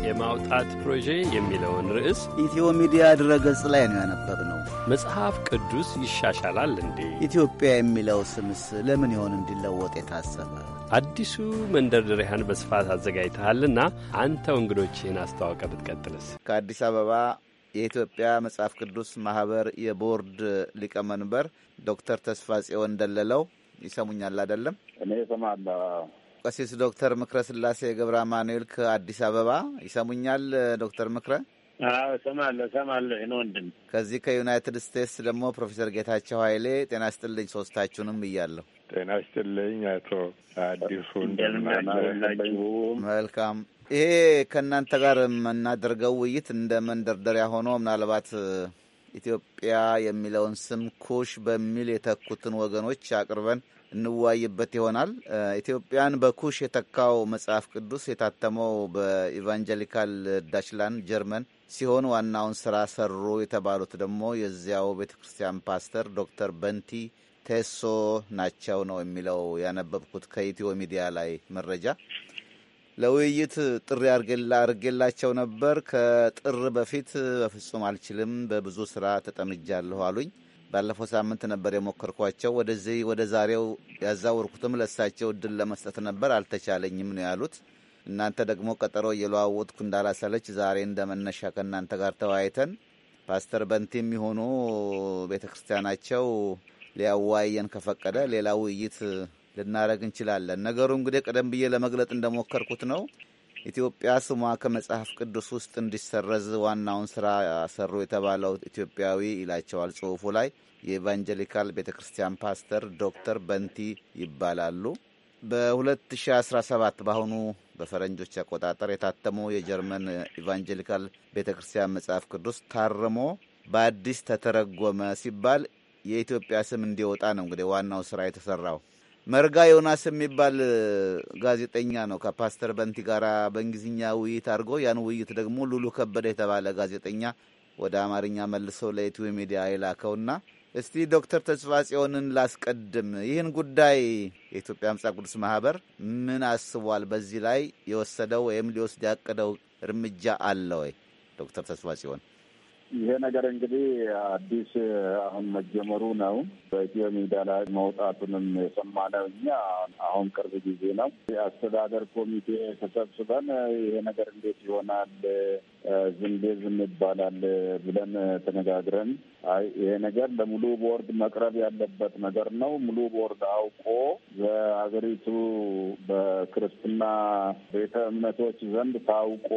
የማውጣት ፕሮጄ የሚለውን ርዕስ ኢትዮ ሚዲያ ድረገጽ ላይ ነው ያነበብነው። መጽሐፍ ቅዱስ ይሻሻላል እንዴ? ኢትዮጵያ የሚለው ስምስ ለምን ይሆን እንዲለወጥ የታሰበ? አዲሱ መንደርደሪያን በስፋት አዘጋጅተሃልና አንተ እንግዶችህን አስተዋውቀ ብትቀጥልስ። ከአዲስ አበባ የኢትዮጵያ መጽሐፍ ቅዱስ ማህበር የቦርድ ሊቀመንበር ዶክተር ተስፋ ጽዮን ደለለው ይሰሙኛል አይደለም? እኔ እሰማለሁ። ቀሲስ ዶክተር ምክረ ስላሴ ገብረ አማኑኤል ከአዲስ አበባ ይሰሙኛል? ዶክተር ምክረ እሰማለሁ እሰማለሁ። ይህን ወንድም ከዚህ ከዩናይትድ ስቴትስ ደግሞ ፕሮፌሰር ጌታቸው ኃይሌ ጤና ስጥልኝ ሶስታችሁንም ብያለሁ። ጤና ስጥልኝ አቶ አዲሱ መልካም ይሄ ከእናንተ ጋር የምናደርገው ውይይት እንደ መንደርደሪያ ሆኖ ምናልባት ኢትዮጵያ የሚለውን ስም ኩሽ በሚል የተኩትን ወገኖች አቅርበን እንዋይበት ይሆናል። ኢትዮጵያን በኩሽ የተካው መጽሐፍ ቅዱስ የታተመው በኢቫንጀሊካል ዳችላንድ ጀርመን ሲሆን ዋናውን ስራ ሰሩ የተባሉት ደግሞ የዚያው ቤተ ክርስቲያን ፓስተር ዶክተር በንቲ ቴሶ ናቸው ነው የሚለው ያነበብኩት ከኢትዮ ሚዲያ ላይ መረጃ። ለውይይት ጥሪ አድርጌላቸው ነበር። ከጥር በፊት በፍጹም አልችልም፣ በብዙ ስራ ተጠምጃለሁ አሉኝ። ባለፈው ሳምንት ነበር የሞከርኳቸው። ወደዚህ ወደ ዛሬው ያዛወርኩትም ለሳቸው እድል ለመስጠት ነበር፣ አልተቻለኝም ነው ያሉት። እናንተ ደግሞ ቀጠሮ እየለዋወጥኩ እንዳላሰለች ዛሬ እንደ መነሻ ከእናንተ ጋር ተወያይተን ፓስተር በንቲ የሚሆኑ ቤተ ክርስቲያናቸው ሊያዋየን ከፈቀደ ሌላ ውይይት ልናደረግ እንችላለን። ነገሩ እንግዲህ ቀደም ብዬ ለመግለጥ እንደሞከርኩት ነው። ኢትዮጵያ ስሟ ከመጽሐፍ ቅዱስ ውስጥ እንዲሰረዝ ዋናውን ስራ ሰሩ የተባለው ኢትዮጵያዊ ይላቸዋል ጽሁፉ ላይ የኢቫንጀሊካል ቤተ ክርስቲያን ፓስተር ዶክተር በንቲ ይባላሉ። በ2017 በአሁኑ በፈረንጆች አቆጣጠር የታተሙ የጀርመን ኢቫንጀሊካል ቤተ ክርስቲያን መጽሐፍ ቅዱስ ታርሞ በአዲስ ተተረጎመ ሲባል የኢትዮጵያ ስም እንዲወጣ ነው እንግዲህ ዋናው ስራ የተሰራው። መርጋ ዮናስ የሚባል ጋዜጠኛ ነው ከፓስተር በንቲ ጋር በእንግሊዝኛ ውይይት አድርጎ ያን ውይይት ደግሞ ሉሉ ከበደ የተባለ ጋዜጠኛ ወደ አማርኛ መልሰው ለኢትዮ ሚዲያ የላከውና እስቲ ዶክተር ተስፋ ጽዮንን ላስቀድም። ይህን ጉዳይ የኢትዮጵያ ምጻ ቅዱስ ማህበር ምን አስቧል? በዚህ ላይ የወሰደው ወይም ሊወስድ ያቀደው እርምጃ አለ ወይ? ዶክተር ተስፋ ጽዮን ይሄ ነገር እንግዲህ አዲስ አሁን መጀመሩ ነው። በኢትዮ ሚዲያ ላይ መውጣቱንም የሰማነው እኛ አሁን ቅርብ ጊዜ ነው። የአስተዳደር ኮሚቴ ተሰብስበን ይሄ ነገር እንዴት ይሆናል ዝንቤ ዝም ይባላል ብለን ተነጋግረን ይሄ ነገር ለሙሉ ቦርድ መቅረብ ያለበት ነገር ነው። ሙሉ ቦርድ አውቆ በሀገሪቱ በክርስትና ቤተ እምነቶች ዘንድ ታውቆ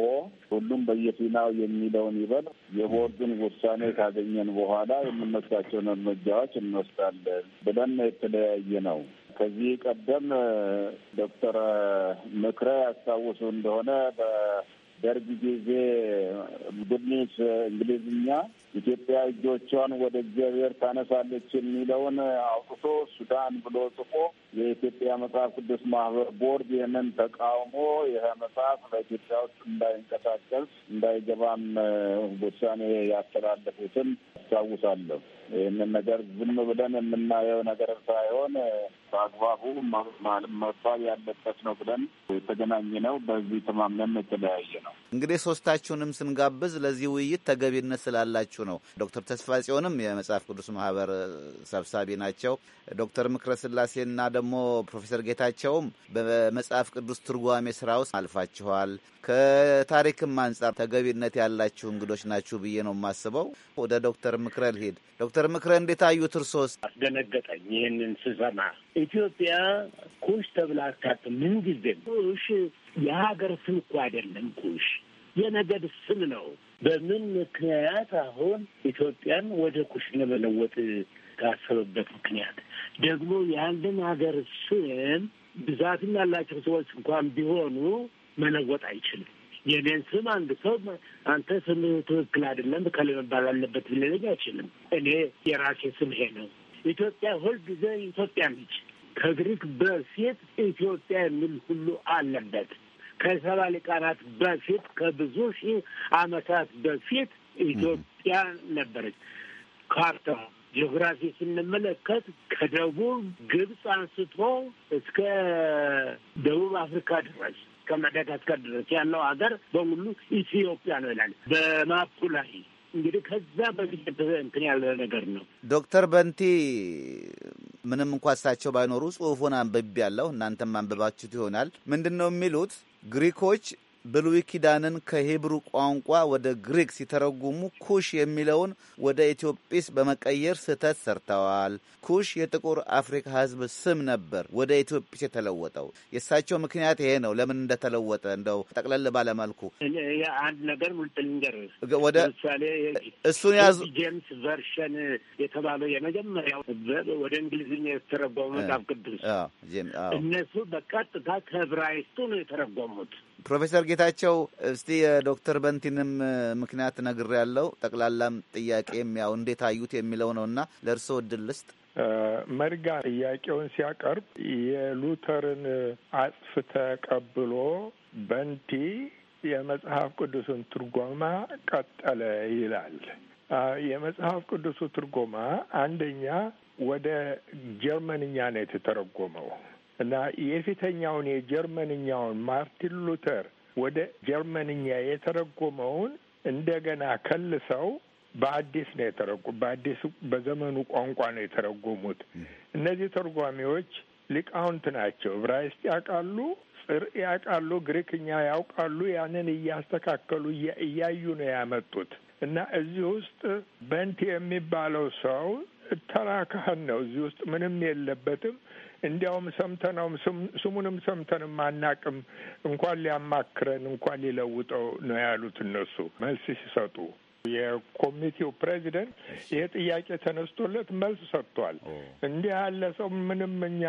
ሁሉም በየፊናው የሚለውን ይበል። የቦርድን ውሳኔ ካገኘን በኋላ የምንወስዳቸውን እርምጃዎች እንወስዳለን ብለን የተለያየ ነው። ከዚህ ቀደም ዶክተር ምክረ ያስታውሱ እንደሆነ ደርግ ጊዜ ብሊስ እንግሊዝኛ ኢትዮጵያ እጆቿን ወደ እግዚአብሔር ታነሳለች የሚለውን አውጥቶ ሱዳን ብሎ ጽፎ የኢትዮጵያ መጽሐፍ ቅዱስ ማህበር ቦርድ ይህንን ተቃውሞ ይህ መጽሐፍ በኢትዮጵያ ውስጥ እንዳይንቀሳቀስ እንዳይገባም ውሳኔ ያስተላለፉትን አስታውሳለሁ። ይህንን ነገር ዝም ብለን የምናየው ነገር ሳይሆን በአግባቡ መባል ያለበት ነው ብለን የተገናኘ ነው። በዚህ ተማምነን የተለያየ ነው። እንግዲህ ሶስታችሁንም ስንጋብዝ ለዚህ ውይይት ተገቢነት ስላላችሁ ነው። ዶክተር ተስፋ ጽዮንም የመጽሐፍ ቅዱስ ማህበር ሰብሳቢ ናቸው። ዶክተር ምክረ ስላሴና ደግሞ ፕሮፌሰር ጌታቸውም በመጽሐፍ ቅዱስ ትርጓሜ ስራ ውስጥ አልፋችኋል። ከታሪክም አንጻር ተገቢነት ያላችሁ እንግዶች ናችሁ ብዬ ነው የማስበው። ወደ ዶክተር ምክረ ልሂድ። ዶክተር ምክረ እንዴት አዩት እርሶስ? አስደነገጠኝ ይህንን ስሰማ። ኢትዮጵያ ኩሽ ተብላ አታውቅም። ምንጊዜም ኩሽ የሀገር ስም እኮ አይደለም። ኩሽ የነገድ ስም ነው። በምን ምክንያት አሁን ኢትዮጵያን ወደ ኩሽ ለመለወጥ ካሰበበት ምክንያት ደግሞ የአንድን ሀገር ስም ብዛትም ያላቸው ሰዎች እንኳን ቢሆኑ መለወጥ አይችልም። የኔን ስም አንድ ሰው አንተ ስም ትክክል አይደለም ከል መባል አለበት ብለለኝ አይችልም። እኔ የራሴ ስም ይሄ ነው። ኢትዮጵያ ሁልጊዜ ኢትዮጵያ ነች። ከግሪክ በፊት ኢትዮጵያ የሚል ሁሉ አለበት። ከሰባ ሊቃናት በፊት ከብዙ ሺህ ዓመታት በፊት ኢትዮጵያ ነበረች። ካርታ ጂኦግራፊ ስንመለከት ከደቡብ ግብፅ አንስቶ እስከ ደቡብ አፍሪካ ድረስ እስከ መደጋስከር ድረስ ያለው ሀገር በሙሉ ኢትዮጵያ ነው ይላል በማፑ ላይ። እንግዲህ ከዛ በፊት እንትን ያለ ነገር ነው። ዶክተር በንቲ ምንም እንኳ እሳቸው ባይኖሩ ጽሁፉን አንብቤ ያለሁ እናንተም አንብባችሁት ይሆናል። ምንድን ነው የሚሉት ግሪኮች ብሉይ ኪዳንን ከሂብሩ ቋንቋ ወደ ግሪክ ሲተረጉሙ ኩሽ የሚለውን ወደ ኢትዮጵስ በመቀየር ስህተት ሰርተዋል። ኩሽ የጥቁር አፍሪካ ሕዝብ ስም ነበር ወደ ኢትዮጵስ የተለወጠው። የእሳቸው ምክንያት ይሄ ነው። ለምን እንደተለወጠ እንደው ጠቅለል ባለመልኩ አንድ ነገር ልንገር። ለምሳሌ እሱን ያዙ ጄምስ ቨርሽን የተባለው የመጀመሪያው ወደ እንግሊዝኛ የተተረጎመ መጽሐፍ ቅዱስ እነሱ በቀጥታ ከዕብራይስጡ ነው የተረጎሙት። ፕሮፌሰር ጌታቸው እስቲ የዶክተር በንቲንም ምክንያት ነግር ያለው ጠቅላላም ጥያቄም ያው እንዴት አዩት የሚለው ነው እና ለእርስዎ እድል ልስጥ። መርጋ ጥያቄውን ሲያቀርብ የሉተርን አጽፍ ተቀብሎ በንቲ የመጽሐፍ ቅዱስን ትርጎማ ቀጠለ ይላል። የመጽሐፍ ቅዱሱ ትርጎማ አንደኛ ወደ ጀርመንኛ ነው የተተረጎመው። እና የፊተኛውን የጀርመንኛውን ማርቲን ሉተር ወደ ጀርመንኛ የተረጎመውን እንደገና ከልሰው በአዲስ ነው የተረጉ በአዲስ በዘመኑ ቋንቋ ነው የተረጎሙት። እነዚህ ተርጓሚዎች ሊቃውንት ናቸው። ዕብራይስጥ ያውቃሉ፣ ጽር ያውቃሉ፣ ግሪክኛ ያውቃሉ። ያንን እያስተካከሉ እያዩ ነው ያመጡት እና እዚህ ውስጥ በንት የሚባለው ሰው ተራ ካህን ነው። እዚህ ውስጥ ምንም የለበትም። እንዲያውም ሰምተነውም ስሙንም ሰምተንም አናቅም እንኳን ሊያማክረን እንኳን ሊለውጠው ነው ያሉት እነሱ መልስ ሲሰጡ የኮሚቴው ፕሬዚደንት ይሄ ጥያቄ ተነስቶለት መልስ ሰጥቷል። እንዲህ ያለ ሰው ምንም እኛ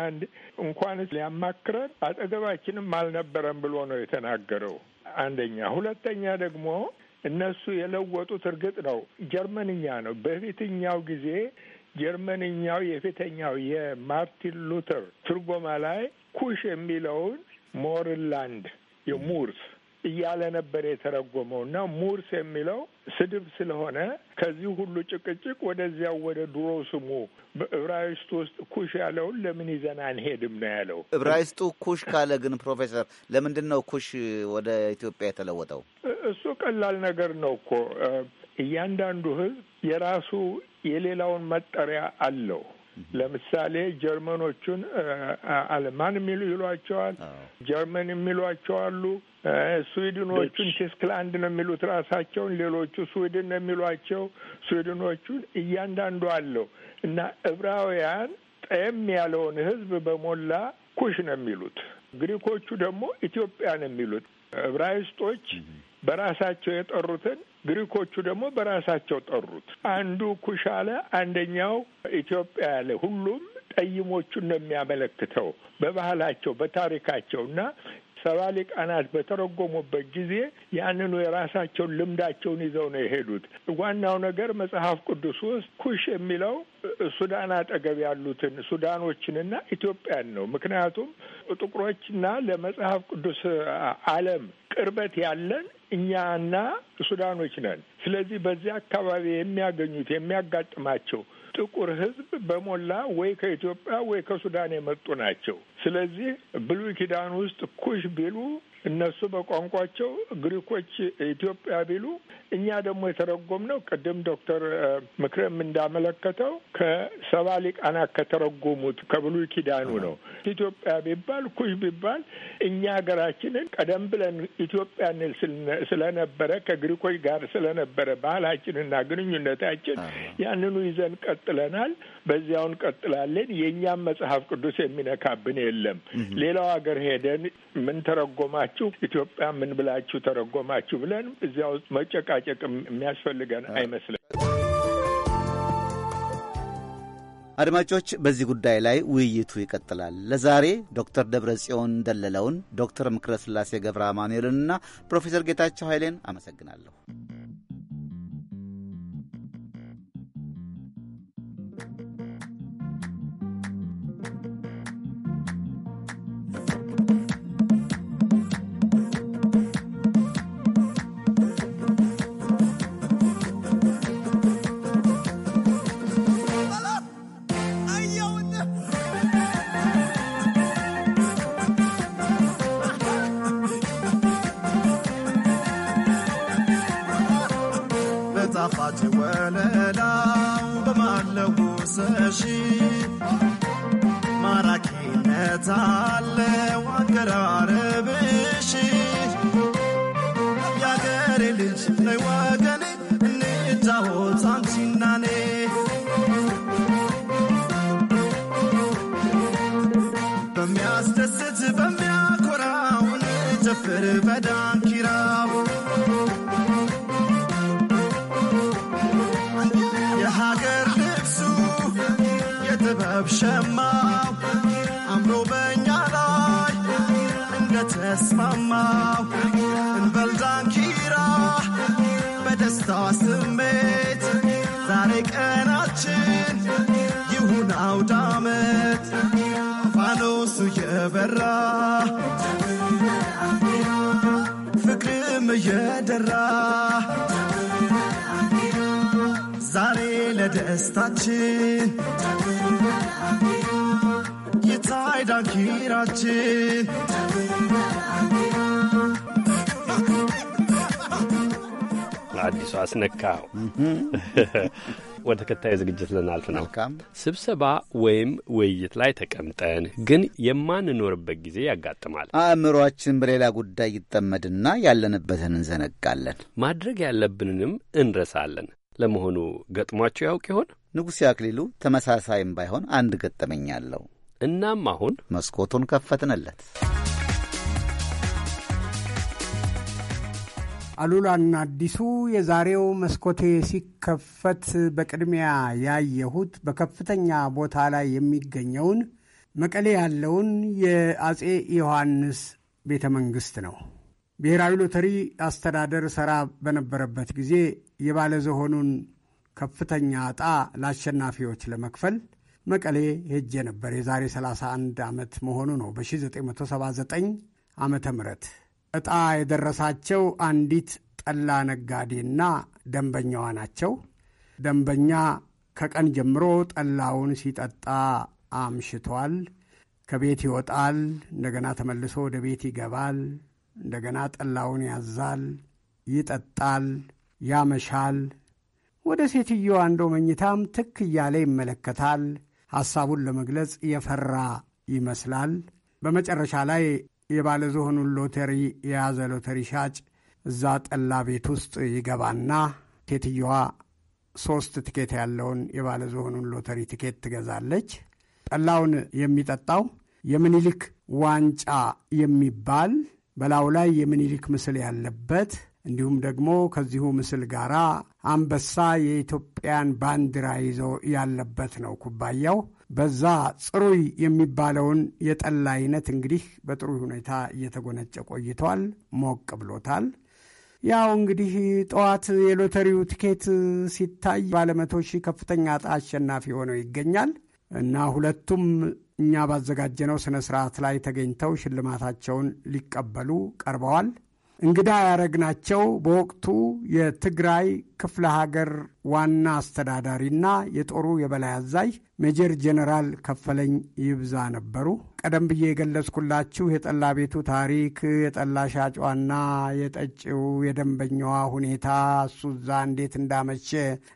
እንኳንስ ሊያማክረን አጠገባችንም አልነበረም ብሎ ነው የተናገረው። አንደኛ። ሁለተኛ ደግሞ እነሱ የለወጡት እርግጥ ነው ጀርመንኛ ነው። በፊትኛው ጊዜ ጀርመንኛው የፊተኛው የማርቲን ሉተር ትርጎማ ላይ ኩሽ የሚለውን ሞርላንድ የሙርስ እያለ ነበር የተረጎመው እና ሙርስ የሚለው ስድብ ስለሆነ ከዚህ ሁሉ ጭቅጭቅ ወደዚያው ወደ ድሮ ስሙ በዕብራይስጡ ውስጥ ኩሽ ያለውን ለምን ይዘን አንሄድም ነው ያለው። እብራይስጡ ኩሽ ካለ ግን ፕሮፌሰር ለምንድን ነው ኩሽ ወደ ኢትዮጵያ የተለወጠው? እሱ ቀላል ነገር ነው እኮ እያንዳንዱ ህዝብ የራሱ የሌላውን መጠሪያ አለው። ለምሳሌ ጀርመኖቹን አለማን የሚሉ ይሏቸዋል፣ ጀርመን የሚሏቸው አሉ። ስዊድኖቹን ቴስክላንድ ነው የሚሉት ራሳቸውን፣ ሌሎቹ ስዊድን ነው የሚሏቸው። ስዊድኖቹን እያንዳንዱ አለው እና እብራውያን ጠየም ያለውን ህዝብ በሞላ ኩሽ ነው የሚሉት። ግሪኮቹ ደግሞ ኢትዮጵያ ነው የሚሉት። እብራይስጦች በራሳቸው የጠሩትን ግሪኮቹ ደግሞ በራሳቸው ጠሩት። አንዱ ኩሽ አለ፣ አንደኛው ኢትዮጵያ አለ። ሁሉም ጠይሞቹን ነው የሚያመለክተው በባህላቸው በታሪካቸው እና ሰባ ሊቃናት በተረጎሙበት ጊዜ ያንኑ የራሳቸውን ልምዳቸውን ይዘው ነው የሄዱት። ዋናው ነገር መጽሐፍ ቅዱስ ውስጥ ኩሽ የሚለው ሱዳን አጠገብ ያሉትን ሱዳኖችንና ኢትዮጵያን ነው። ምክንያቱም ጥቁሮችና ለመጽሐፍ ቅዱስ ዓለም ቅርበት ያለን እኛና ሱዳኖች ነን። ስለዚህ በዚያ አካባቢ የሚያገኙት የሚያጋጥማቸው ጥቁር ህዝብ በሞላ ወይ ከኢትዮጵያ ወይ ከሱዳን የመጡ ናቸው። ስለዚህ ብሉይ ኪዳን ውስጥ ኩሽ ቢሉ እነሱ በቋንቋቸው ግሪኮች ኢትዮጵያ ቢሉ እኛ ደግሞ የተረጎም ነው ቅድም ዶክተር ምክረም እንዳመለከተው ከሰባ ሊቃናት ከተረጎሙት ከብሉይ ኪዳኑ ነው። ኢትዮጵያ ቢባል ኩሽ ቢባል እኛ ሀገራችንን ቀደም ብለን ኢትዮጵያ እንል ስለነበረ ከግሪኮች ጋር ስለነበረ ባህላችንና ግንኙነታችን ያንኑ ይዘን ቀጥለናል። በዚያውን ቀጥላለን። የእኛም መጽሐፍ ቅዱስ የሚነካብን የለም። ሌላው ሀገር ሄደን ምን ተረጎማ? ብላችሁ ኢትዮጵያ ምን ብላችሁ ተረጎማችሁ ብለን እዚያ ውስጥ መጨቃጨቅ የሚያስፈልገን አይመስልም። አድማጮች፣ በዚህ ጉዳይ ላይ ውይይቱ ይቀጥላል። ለዛሬ ዶክተር ደብረ ጽዮን ደለለውን፣ ዶክተር ምክረ ስላሴ ገብረ አማኑኤልንና ፕሮፌሰር ጌታቸው ኃይሌን አመሰግናለሁ። ነሽ ማራኪነት አለው አቀራረብሽ ያገሬ ልጅ ነይ ወገኔ እንጫወት አንቺና እኔ በሚያስደስት በሚያኮራውን ጭፍር በዳን ተስማማው እንበልዳንኪራ በደስታ ስሜት ዛሬ ቀናችን ይሁን አውዳመት ፋኖሱ የበራ ፍቅርም እየደራ ዛሬ ለደስታችን ኪራችን አዲሱ አስነካ። ወደ ተከታዩ ዝግጅት ልናልፍ ነው። ስብሰባ ወይም ውይይት ላይ ተቀምጠን ግን የማንኖርበት ጊዜ ያጋጥማል። አእምሯችን በሌላ ጉዳይ ይጠመድና ያለንበትን እንዘነጋለን። ማድረግ ያለብንንም እንረሳለን። ለመሆኑ ገጥሟቸው ያውቅ ይሆን? ንጉሴ አክሊሉ ተመሳሳይም ባይሆን አንድ ገጠመኝ አለው። እናም አሁን መስኮቱን ከፈትንለት። አሉላና አዲሱ የዛሬው መስኮቴ ሲከፈት በቅድሚያ ያየሁት በከፍተኛ ቦታ ላይ የሚገኘውን መቀሌ ያለውን የአጼ ዮሐንስ ቤተ መንግሥት ነው። ብሔራዊ ሎተሪ አስተዳደር ሠራ በነበረበት ጊዜ የባለዝሆኑን ከፍተኛ ዕጣ ለአሸናፊዎች ለመክፈል መቀሌ ሄጄ ነበር። የዛሬ 31 ዓመት መሆኑ ነው። በ1979 ዓመተ ምህረት ዕጣ የደረሳቸው አንዲት ጠላ ነጋዴና ደንበኛዋ ናቸው። ደንበኛ ከቀን ጀምሮ ጠላውን ሲጠጣ አምሽቷል። ከቤት ይወጣል፣ እንደገና ተመልሶ ወደ ቤት ይገባል፣ እንደገና ጠላውን ያዛል፣ ይጠጣል፣ ያመሻል። ወደ ሴትዮዋ እንደው መኝታም ትክ እያለ ይመለከታል። ሐሳቡን ለመግለጽ የፈራ ይመስላል። በመጨረሻ ላይ የባለ ዝሆኑን ሎተሪ የያዘ ሎተሪ ሻጭ እዛ ጠላ ቤት ውስጥ ይገባና ሴትየዋ ሶስት ትኬት ያለውን የባለዝሆኑን ሎተሪ ትኬት ትገዛለች። ጠላውን የሚጠጣው የምኒልክ ዋንጫ የሚባል በላዩ ላይ የምኒልክ ምስል ያለበት እንዲሁም ደግሞ ከዚሁ ምስል ጋር አንበሳ የኢትዮጵያን ባንዲራ ይዞ ያለበት ነው ኩባያው። በዛ ጽሩይ የሚባለውን የጠላ አይነት እንግዲህ በጥሩ ሁኔታ እየተጎነጨ ቆይቷል። ሞቅ ብሎታል። ያው እንግዲህ ጠዋት የሎተሪው ትኬት ሲታይ ባለመቶ ሺህ ከፍተኛ ዕጣ አሸናፊ ሆነው ይገኛል እና ሁለቱም እኛ ባዘጋጀነው ስነ ስርዓት ላይ ተገኝተው ሽልማታቸውን ሊቀበሉ ቀርበዋል። እንግዳ ያረግናቸው በወቅቱ የትግራይ ክፍለ ሀገር ዋና አስተዳዳሪና የጦሩ የበላይ አዛዥ ሜጀር ጀነራል ከፈለኝ ይብዛ ነበሩ። ቀደም ብዬ የገለጽኩላችሁ የጠላ ቤቱ ታሪክ፣ የጠላ ሻጯና የጠጪው የደንበኛዋ ሁኔታ፣ እሱ እዛ እንዴት እንዳመቼ፣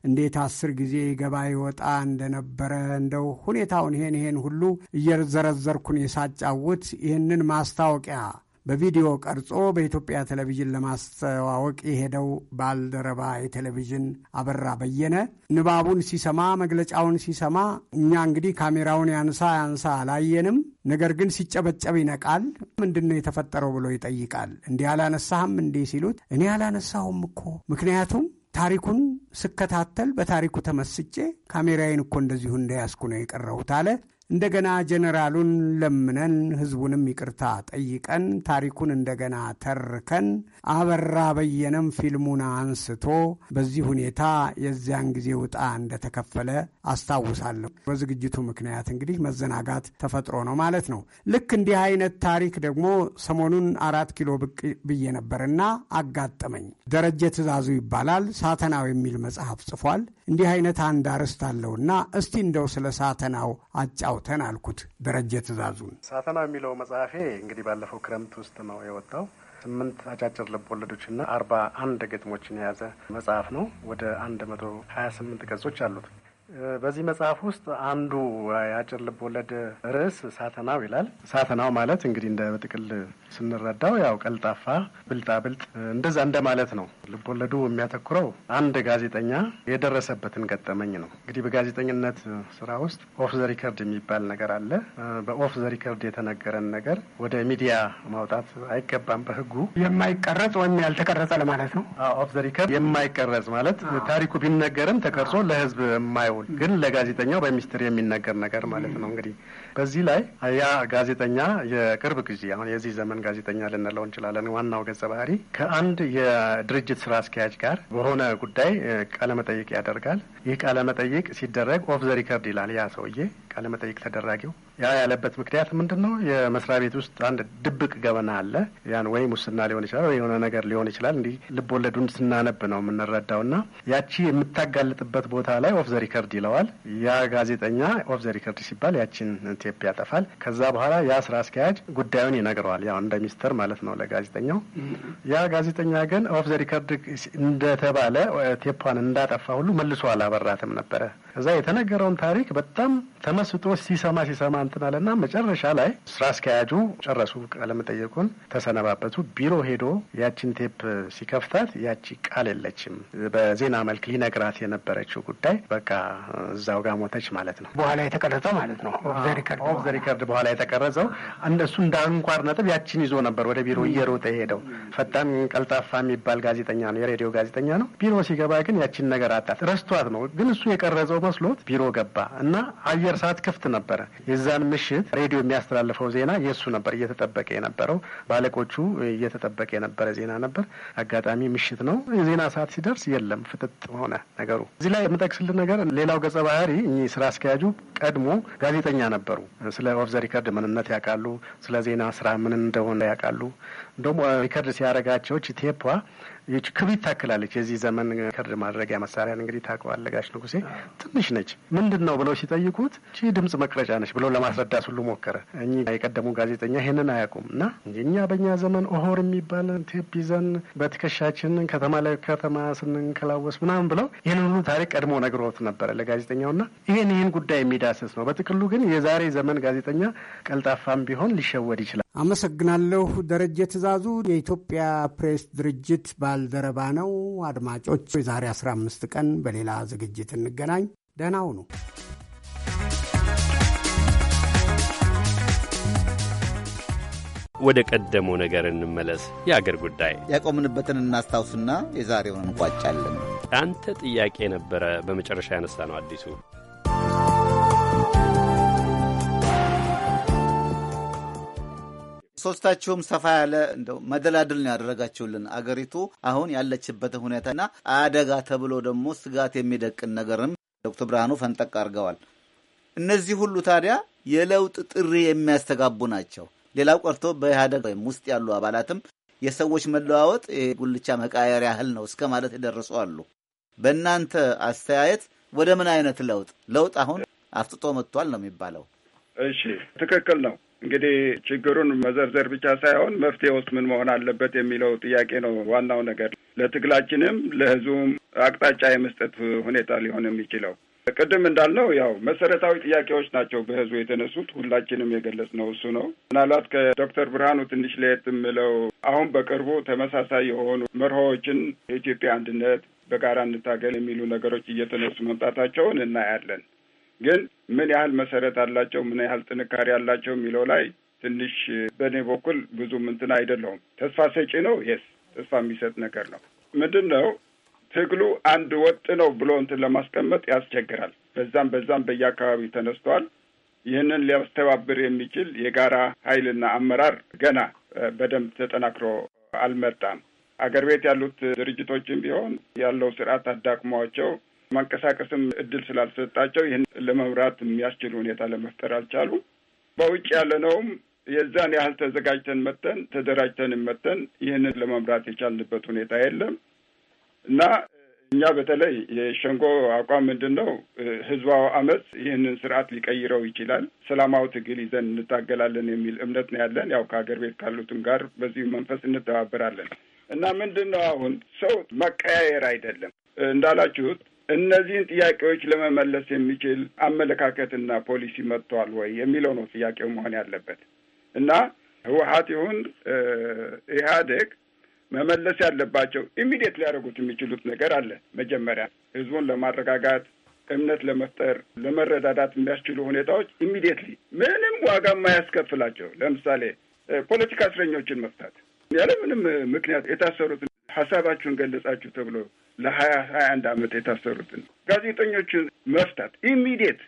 እንዴት አስር ጊዜ ገባ ይወጣ እንደነበረ፣ እንደው ሁኔታውን ይሄን ይሄን ሁሉ እየዘረዘርኩን የሳጫውት ይህንን ማስታወቂያ በቪዲዮ ቀርጾ በኢትዮጵያ ቴሌቪዥን ለማስተዋወቅ የሄደው ባልደረባ የቴሌቪዥን አበራ በየነ ንባቡን ሲሰማ መግለጫውን ሲሰማ እኛ እንግዲህ ካሜራውን ያንሳ ያንሳ አላየንም። ነገር ግን ሲጨበጨብ ይነቃል። ምንድን ነው የተፈጠረው ብሎ ይጠይቃል። እንዲህ አላነሳህም እንዲህ ሲሉት እኔ አላነሳሁም እኮ ምክንያቱም ታሪኩን ስከታተል በታሪኩ ተመስጬ ካሜራዬን እኮ እንደዚሁ እንደያዝኩ ነው የቀረሁት አለ። እንደገና ጀነራሉን ለምነን ህዝቡንም ይቅርታ ጠይቀን ታሪኩን እንደገና ተርከን አበራ በየነም ፊልሙን አንስቶ በዚህ ሁኔታ የዚያን ጊዜ ውጣ እንደተከፈለ አስታውሳለሁ። በዝግጅቱ ምክንያት እንግዲህ መዘናጋት ተፈጥሮ ነው ማለት ነው። ልክ እንዲህ አይነት ታሪክ ደግሞ ሰሞኑን አራት ኪሎ ብቅ ብዬ ነበርና አጋጠመኝ። ደረጀ ትእዛዙ ይባላል። ሳተናው የሚል መጽሐፍ ጽፏል። እንዲህ አይነት አንድ አርዕስት አለውና እስቲ እንደው ስለ ሳተናው አጫው አውተን አልኩት ደረጀ ትእዛዙን። ሳተና የሚለው መጽሐፌ እንግዲህ ባለፈው ክረምት ውስጥ ነው የወጣው። ስምንት አጫጭር ልብ ወለዶችና አርባ አንድ ግጥሞችን የያዘ መጽሐፍ ነው። ወደ አንድ መቶ ሀያ ስምንት ገጾች አሉት። በዚህ መጽሐፍ ውስጥ አንዱ የአጭር ልብ ወለድ ርዕስ ሳተናው ይላል። ሳተናው ማለት እንግዲህ እንደ ጥቅል ስንረዳው ያው ቀልጣፋ፣ ብልጣብልጥ እንደዛ እንደማለት ነው። ልቦለዱ የሚያተኩረው አንድ ጋዜጠኛ የደረሰበትን ገጠመኝ ነው። እንግዲህ በጋዜጠኝነት ስራ ውስጥ ኦፍ ዘ ሪከርድ የሚባል ነገር አለ። በኦፍ ዘ ሪከርድ የተነገረን ነገር ወደ ሚዲያ ማውጣት አይገባም። በህጉ የማይቀረጽ ወይም ያልተቀረጸ ለማለት ነው። ኦፍ ዘ ሪከርድ የማይቀረጽ ማለት ታሪኩ ቢነገርም ተቀርጾ ለህዝብ የማይውል ግን ለጋዜጠኛው በሚስጥር የሚነገር ነገር ማለት ነው እንግዲህ በዚህ ላይ ያ ጋዜጠኛ የቅርብ ጊዜ አሁን የዚህ ዘመን ጋዜጠኛ ልንለው እንችላለን። ዋናው ገጸ ባህሪ ከአንድ የድርጅት ስራ አስኪያጅ ጋር በሆነ ጉዳይ ቃለመጠይቅ ያደርጋል። ይህ ቃለመጠይቅ ሲደረግ ኦፍ ዘ ሪከርድ ይላል ያ ሰውዬ ቃለ መጠይቅ ተደራጊው ያ ያለበት ምክንያት ምንድን ነው? የመስሪያ ቤት ውስጥ አንድ ድብቅ ገበና አለ። ያን ወይ ሙስና ሊሆን ይችላል፣ ወይ የሆነ ነገር ሊሆን ይችላል። እንዲህ ልብ ወለዱን ስናነብ ነው የምንረዳው። ና ያቺ የምታጋልጥበት ቦታ ላይ ኦፍ ዘ ሪከርድ ይለዋል። ያ ጋዜጠኛ ኦፍ ዘ ሪከርድ ሲባል ያቺን ቴፕ ያጠፋል። ከዛ በኋላ ያ ስራ አስኪያጅ ጉዳዩን ይነግረዋል። ያው እንደ ሚስተር ማለት ነው ለጋዜጠኛው። ያ ጋዜጠኛ ግን ኦፍ ዘ ሪከርድ እንደተባለ ቴፓን እንዳጠፋ ሁሉ መልሶ አላበራትም ነበረ። ከዛ የተነገረውን ታሪክ በጣም ተመ ስቶ ሲሰማ ሲሰማ እንትን አለና መጨረሻ ላይ ስራ አስኪያጁ ጨረሱ ቃለመጠየቁን ተሰነባበቱ። ቢሮ ሄዶ ያቺን ቴፕ ሲከፍታት ያቺ ቃል የለችም። በዜና መልክ ሊነግራት የነበረችው ጉዳይ በቃ እዛው ጋር ሞተች ማለት ነው። በኋላ የተቀረጸው ማለት ነው። ኦፍ ዘ ሪከርድ በኋላ የተቀረጸው እነሱ እንደ አንኳር ነጥብ ያቺን ይዞ ነበር ወደ ቢሮ እየሮጠ ሄደው። ፈጣን ቀልጣፋ የሚባል ጋዜጠኛ ነው፣ የሬዲዮ ጋዜጠኛ ነው። ቢሮ ሲገባ ግን ያቺን ነገር አጣት። ረስቷት ነው ግን እሱ የቀረጸው መስሎት ቢሮ ገባ እና አየር ሰዓት ሰዓት ክፍት ነበረ። የዛን ምሽት ሬዲዮ የሚያስተላልፈው ዜና የእሱ ነበር እየተጠበቀ የነበረው ባለቆቹ እየተጠበቀ የነበረ ዜና ነበር። አጋጣሚ ምሽት ነው። የዜና ሰዓት ሲደርስ የለም፣ ፍጥጥ ሆነ ነገሩ። እዚህ ላይ የምጠቅስልን ነገር ሌላው ገጸ ባህሪ እኚህ ስራ አስኪያጁ ቀድሞ ጋዜጠኛ ነበሩ። ስለ ኦፍ ዘ ሪከርድ ምንነት ያውቃሉ። ስለ ዜና ስራ ምን እንደሆነ ያውቃሉ። እንደውም ሪከርድ ሲያደርጋቸው ቴፖ ይች ክብሪት ታክላለች። የዚህ ዘመን ክር ማድረጊያ መሳሪያን እንግዲህ ታውቀዋለህ ጋሽ ንጉሴ። ትንሽ ነች ምንድን ነው ብለው ሲጠይቁት ቺ ድምጽ መቅረጫ ነች ብለው ለማስረዳት ሁሉ ሞከረ። እኚህ የቀደሙ ጋዜጠኛ ይህንን አያውቁም እና እኛ በእኛ ዘመን ኦሆር የሚባል ቴፕ ይዘን በትከሻችን ከተማ ላይ ከተማ ስንንከላወስ ምናምን ብለው ይህን ሁሉ ታሪክ ቀድሞ ነግሮት ነበረ እና ይህን ይህን ጉዳይ የሚዳስስ ነው። በጥቅሉ ግን የዛሬ ዘመን ጋዜጠኛ ቀልጣፋም ቢሆን ሊሸወድ ይችላል። አመሰግናለሁ ደረጀ ትእዛዙ የኢትዮጵያ ፕሬስ ድርጅት ባልደረባ ነው። አድማጮች የዛሬ 15 ቀን በሌላ ዝግጅት እንገናኝ። ደህና ሁኑ። ወደ ቀደመው ነገር እንመለስ። የአገር ጉዳይ ያቆምንበትን እናስታውስና የዛሬውን እንቋጫለን። አንተ ጥያቄ ነበረ በመጨረሻ ያነሳ ነው አዲሱ ሶስታችሁም ሰፋ ያለ እንደው መደላድል ነው ያደረጋችሁልን። አገሪቱ አሁን ያለችበትን ሁኔታና አደጋ ተብሎ ደግሞ ስጋት የሚደቅን ነገርም ዶክተር ብርሃኑ ፈንጠቅ አድርገዋል። እነዚህ ሁሉ ታዲያ የለውጥ ጥሪ የሚያስተጋቡ ናቸው። ሌላው ቀርቶ በኢህአደግ ወይም ውስጥ ያሉ አባላትም የሰዎች መለዋወጥ የጉልቻ መቃየር ያህል ነው እስከ ማለት የደረሱ አሉ። በእናንተ አስተያየት ወደ ምን አይነት ለውጥ ለውጥ አሁን አፍጥጦ መጥቷል ነው የሚባለው? እሺ፣ ትክክል ነው። እንግዲህ ችግሩን መዘርዘር ብቻ ሳይሆን መፍትሄ ውስጥ ምን መሆን አለበት የሚለው ጥያቄ ነው ዋናው ነገር። ለትግላችንም ለህዝቡም አቅጣጫ የመስጠት ሁኔታ ሊሆን የሚችለው ቅድም እንዳልነው ያው መሰረታዊ ጥያቄዎች ናቸው በህዝቡ የተነሱት። ሁላችንም የገለጽነው እሱ ነው። ምናልባት ከዶክተር ብርሃኑ ትንሽ ለየት የምለው አሁን በቅርቡ ተመሳሳይ የሆኑ መርሆዎችን የኢትዮጵያ አንድነት በጋራ እንታገል የሚሉ ነገሮች እየተነሱ መምጣታቸውን እናያለን። ግን ምን ያህል መሰረት አላቸው፣ ምን ያህል ጥንካሬ አላቸው የሚለው ላይ ትንሽ በእኔ በኩል ብዙም እንትን አይደለሁም። ተስፋ ሰጪ ነው። የስ ተስፋ የሚሰጥ ነገር ነው። ምንድን ነው ትግሉ አንድ ወጥ ነው ብሎ እንትን ለማስቀመጥ ያስቸግራል። በዛም በዛም በየአካባቢው ተነስተዋል። ይህንን ሊያስተባብር የሚችል የጋራ ኃይልና አመራር ገና በደንብ ተጠናክሮ አልመጣም። አገር ቤት ያሉት ድርጅቶችም ቢሆን ያለው ስርዓት አዳክሟቸው ማንቀሳቀስም እድል ስላልሰጣቸው ይህን ለመምራት የሚያስችል ሁኔታ ለመፍጠር አልቻሉ። በውጭ ያለነውም የዛን ያህል ተዘጋጅተን መተን ተደራጅተን መተን ይህንን ለመምራት የቻልንበት ሁኔታ የለም እና እኛ በተለይ የሸንጎ አቋም ምንድን ነው? ህዝባዊ አመፅ ይህንን ስርዓት ሊቀይረው ይችላል፣ ሰላማዊ ትግል ይዘን እንታገላለን የሚል እምነት ነው ያለን። ያው ከሀገር ቤት ካሉትም ጋር በዚህ መንፈስ እንተባበራለን እና ምንድን ነው አሁን ሰው መቀያየር አይደለም እንዳላችሁት እነዚህን ጥያቄዎች ለመመለስ የሚችል አመለካከትና ፖሊሲ መጥቷል ወይ የሚለው ነው ጥያቄው መሆን ያለበት እና ህወሀት ይሁን ኢህአዴግ መመለስ ያለባቸው ኢሚዲየት ሊያደርጉት የሚችሉት ነገር አለ። መጀመሪያ ህዝቡን ለማረጋጋት እምነት ለመፍጠር ለመረዳዳት የሚያስችሉ ሁኔታዎች ኢሚዲየትሊ ምንም ዋጋ የማያስከፍላቸው ለምሳሌ ፖለቲካ እስረኞችን መፍታት ያለምንም ምክንያት የታሰሩትን ሀሳባችሁን ገለጻችሁ ተብሎ ለሀያ ሀያ አንድ አመት የታሰሩትን ጋዜጠኞችን መፍታት ኢሚዲየት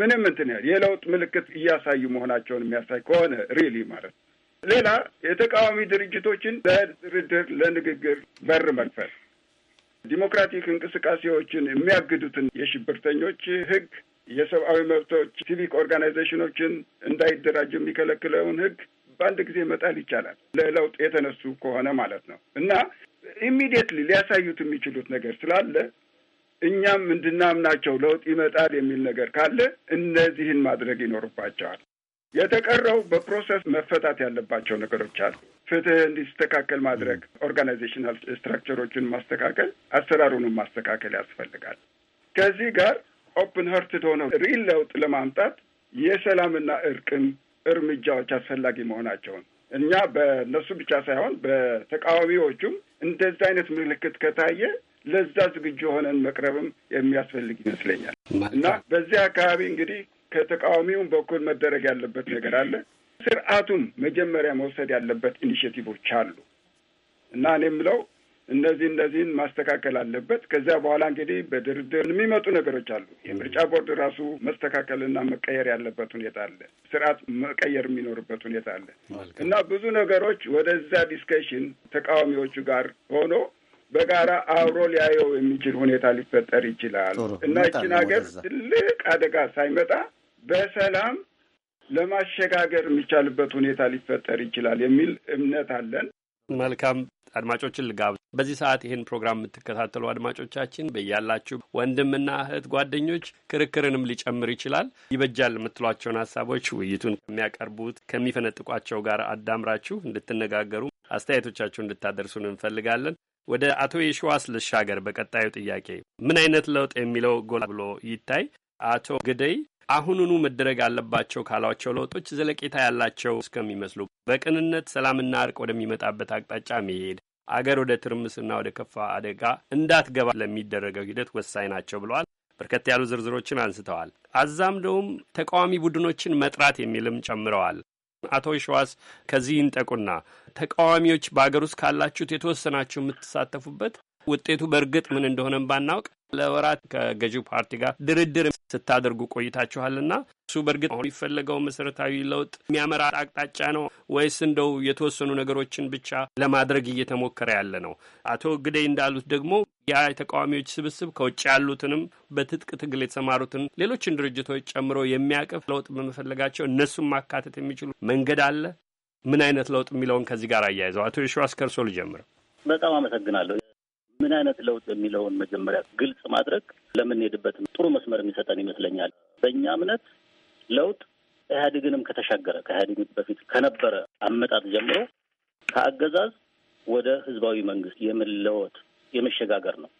ምንም እንትን ያህል የለውጥ ምልክት እያሳዩ መሆናቸውን የሚያሳይ ከሆነ ሪሊ ማለት ነው። ሌላ የተቃዋሚ ድርጅቶችን ለድርድር ለንግግር በር መክፈል፣ ዲሞክራቲክ እንቅስቃሴዎችን የሚያግዱትን የሽብርተኞች ህግ የሰብአዊ መብቶች ሲቪክ ኦርጋናይዜሽኖችን እንዳይደራጅ የሚከለክለውን ህግ በአንድ ጊዜ መጣል ይቻላል፣ ለለውጥ የተነሱ ከሆነ ማለት ነው እና ኢሚዲየትሊ ሊያሳዩት የሚችሉት ነገር ስላለ እኛም እንድናምናቸው ለውጥ ይመጣል የሚል ነገር ካለ እነዚህን ማድረግ ይኖርባቸዋል። የተቀረው በፕሮሰስ መፈታት ያለባቸው ነገሮች አሉ። ፍትህ እንዲስተካከል ማድረግ፣ ኦርጋናይዜሽናል ስትራክቸሮችን ማስተካከል፣ አሰራሩንም ማስተካከል ያስፈልጋል። ከዚህ ጋር ኦፕን ሀርትድ ሆነው ሪል ለውጥ ለማምጣት የሰላምና እርቅም እርምጃዎች አስፈላጊ መሆናቸውን እኛ በእነሱ ብቻ ሳይሆን በተቃዋሚዎቹም እንደዚህ አይነት ምልክት ከታየ ለዛ ዝግጁ የሆነን መቅረብም የሚያስፈልግ ይመስለኛል እና በዚህ አካባቢ እንግዲህ ከተቃዋሚውም በኩል መደረግ ያለበት ነገር አለ። ስርዓቱም መጀመሪያ መውሰድ ያለበት ኢኒሽቲቮች አሉ እና እኔ የምለው እነዚህ እነዚህን ማስተካከል አለበት። ከዚያ በኋላ እንግዲህ በድርድር የሚመጡ ነገሮች አሉ። የምርጫ ቦርድ ራሱ መስተካከልና መቀየር ያለበት ሁኔታ አለ። ስርዓት መቀየር የሚኖርበት ሁኔታ አለ እና ብዙ ነገሮች ወደዛ ዲስከሽን ተቃዋሚዎቹ ጋር ሆኖ በጋራ አብሮ ሊያየው የሚችል ሁኔታ ሊፈጠር ይችላል እና ይችን ሀገር ትልቅ አደጋ ሳይመጣ በሰላም ለማሸጋገር የሚቻልበት ሁኔታ ሊፈጠር ይችላል የሚል እምነት አለን። መልካም አድማጮችን ልጋብዝ። በዚህ ሰዓት ይህን ፕሮግራም የምትከታተሉ አድማጮቻችን በያላችሁ ወንድምና እህት ጓደኞች ክርክርንም ሊጨምር ይችላል። ይበጃል የምትሏቸውን ሀሳቦች ውይይቱን ከሚያቀርቡት ከሚፈነጥቋቸው ጋር አዳምራችሁ እንድትነጋገሩ አስተያየቶቻችሁ እንድታደርሱን እንፈልጋለን። ወደ አቶ የሸዋስ ልሻገር። በቀጣዩ ጥያቄ ምን አይነት ለውጥ የሚለው ጎላ ብሎ ይታይ። አቶ ግደይ አሁኑኑ መደረግ አለባቸው ካሏቸው ለውጦች ዘለቄታ ያላቸው እስከሚመስሉ በቅንነት ሰላምና እርቅ ወደሚመጣበት አቅጣጫ መሄድ አገር ወደ ትርምስና ወደ ከፋ አደጋ እንዳትገባ ለሚደረገው ሂደት ወሳኝ ናቸው ብለዋል። በርከት ያሉ ዝርዝሮችን አንስተዋል። አዛምደውም ተቃዋሚ ቡድኖችን መጥራት የሚልም ጨምረዋል። አቶ ሸዋስ ከዚህ ይንጠቁና ተቃዋሚዎች በአገር ውስጥ ካላችሁት የተወሰናችሁ የምትሳተፉበት ውጤቱ በእርግጥ ምን እንደሆነም ባናውቅ ለወራት ከገዢው ፓርቲ ጋር ድርድር ስታደርጉ ቆይታችኋልና እሱ በእርግጥ አሁን የሚፈለገው መሰረታዊ ለውጥ የሚያመራ አቅጣጫ ነው ወይስ እንደው የተወሰኑ ነገሮችን ብቻ ለማድረግ እየተሞከረ ያለ ነው? አቶ ግደይ እንዳሉት ደግሞ ያ የተቃዋሚዎች ስብስብ ከውጭ ያሉትንም በትጥቅ ትግል የተሰማሩትን ሌሎችን ድርጅቶች ጨምሮ የሚያቅፍ ለውጥ በመፈለጋቸው እነሱን ማካተት የሚችሉ መንገድ አለ? ምን አይነት ለውጥ የሚለውን ከዚህ ጋር አያይዘው አቶ የሸዋስ ከርሶ ልጀምር። በጣም አመሰግናለሁ። ምን አይነት ለውጥ የሚለውን መጀመሪያ ግልጽ ማድረግ ለምንሄድበት ጥሩ መስመር የሚሰጠን ይመስለኛል። በእኛ እምነት ለውጥ ኢህአዴግንም ከተሻገረ ከኢህአዴግ በፊት ከነበረ አመጣት ጀምሮ ከአገዛዝ ወደ ህዝባዊ መንግስት የመለወጥ የመሸጋገር ነው።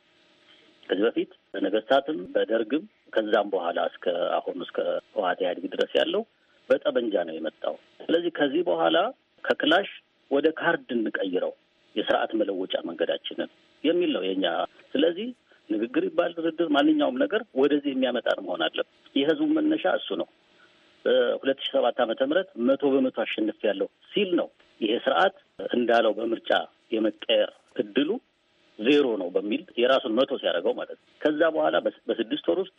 ከዚህ በፊት በነገስታትም በደርግም ከዛም በኋላ እስከ አሁን እስከ ህወሓት ኢህአዴግ ድረስ ያለው በጠመንጃ ነው የመጣው። ስለዚህ ከዚህ በኋላ ከክላሽ ወደ ካርድ እንቀይረው የስርዓት መለወጫ መንገዳችንን የሚል ነው የኛ። ስለዚህ ንግግር ይባል ድርድር፣ ማንኛውም ነገር ወደዚህ የሚያመጣን መሆን አለም። የህዝቡ መነሻ እሱ ነው። ሁለት ሺ ሰባት ዓመተ ምህረት መቶ በመቶ አሸንፍ ያለው ሲል ነው ይሄ ስርዓት እንዳለው በምርጫ የመቀየር እድሉ ዜሮ ነው በሚል የራሱን መቶ ሲያደርገው ማለት ነው። ከዛ በኋላ በስድስት ወር ውስጥ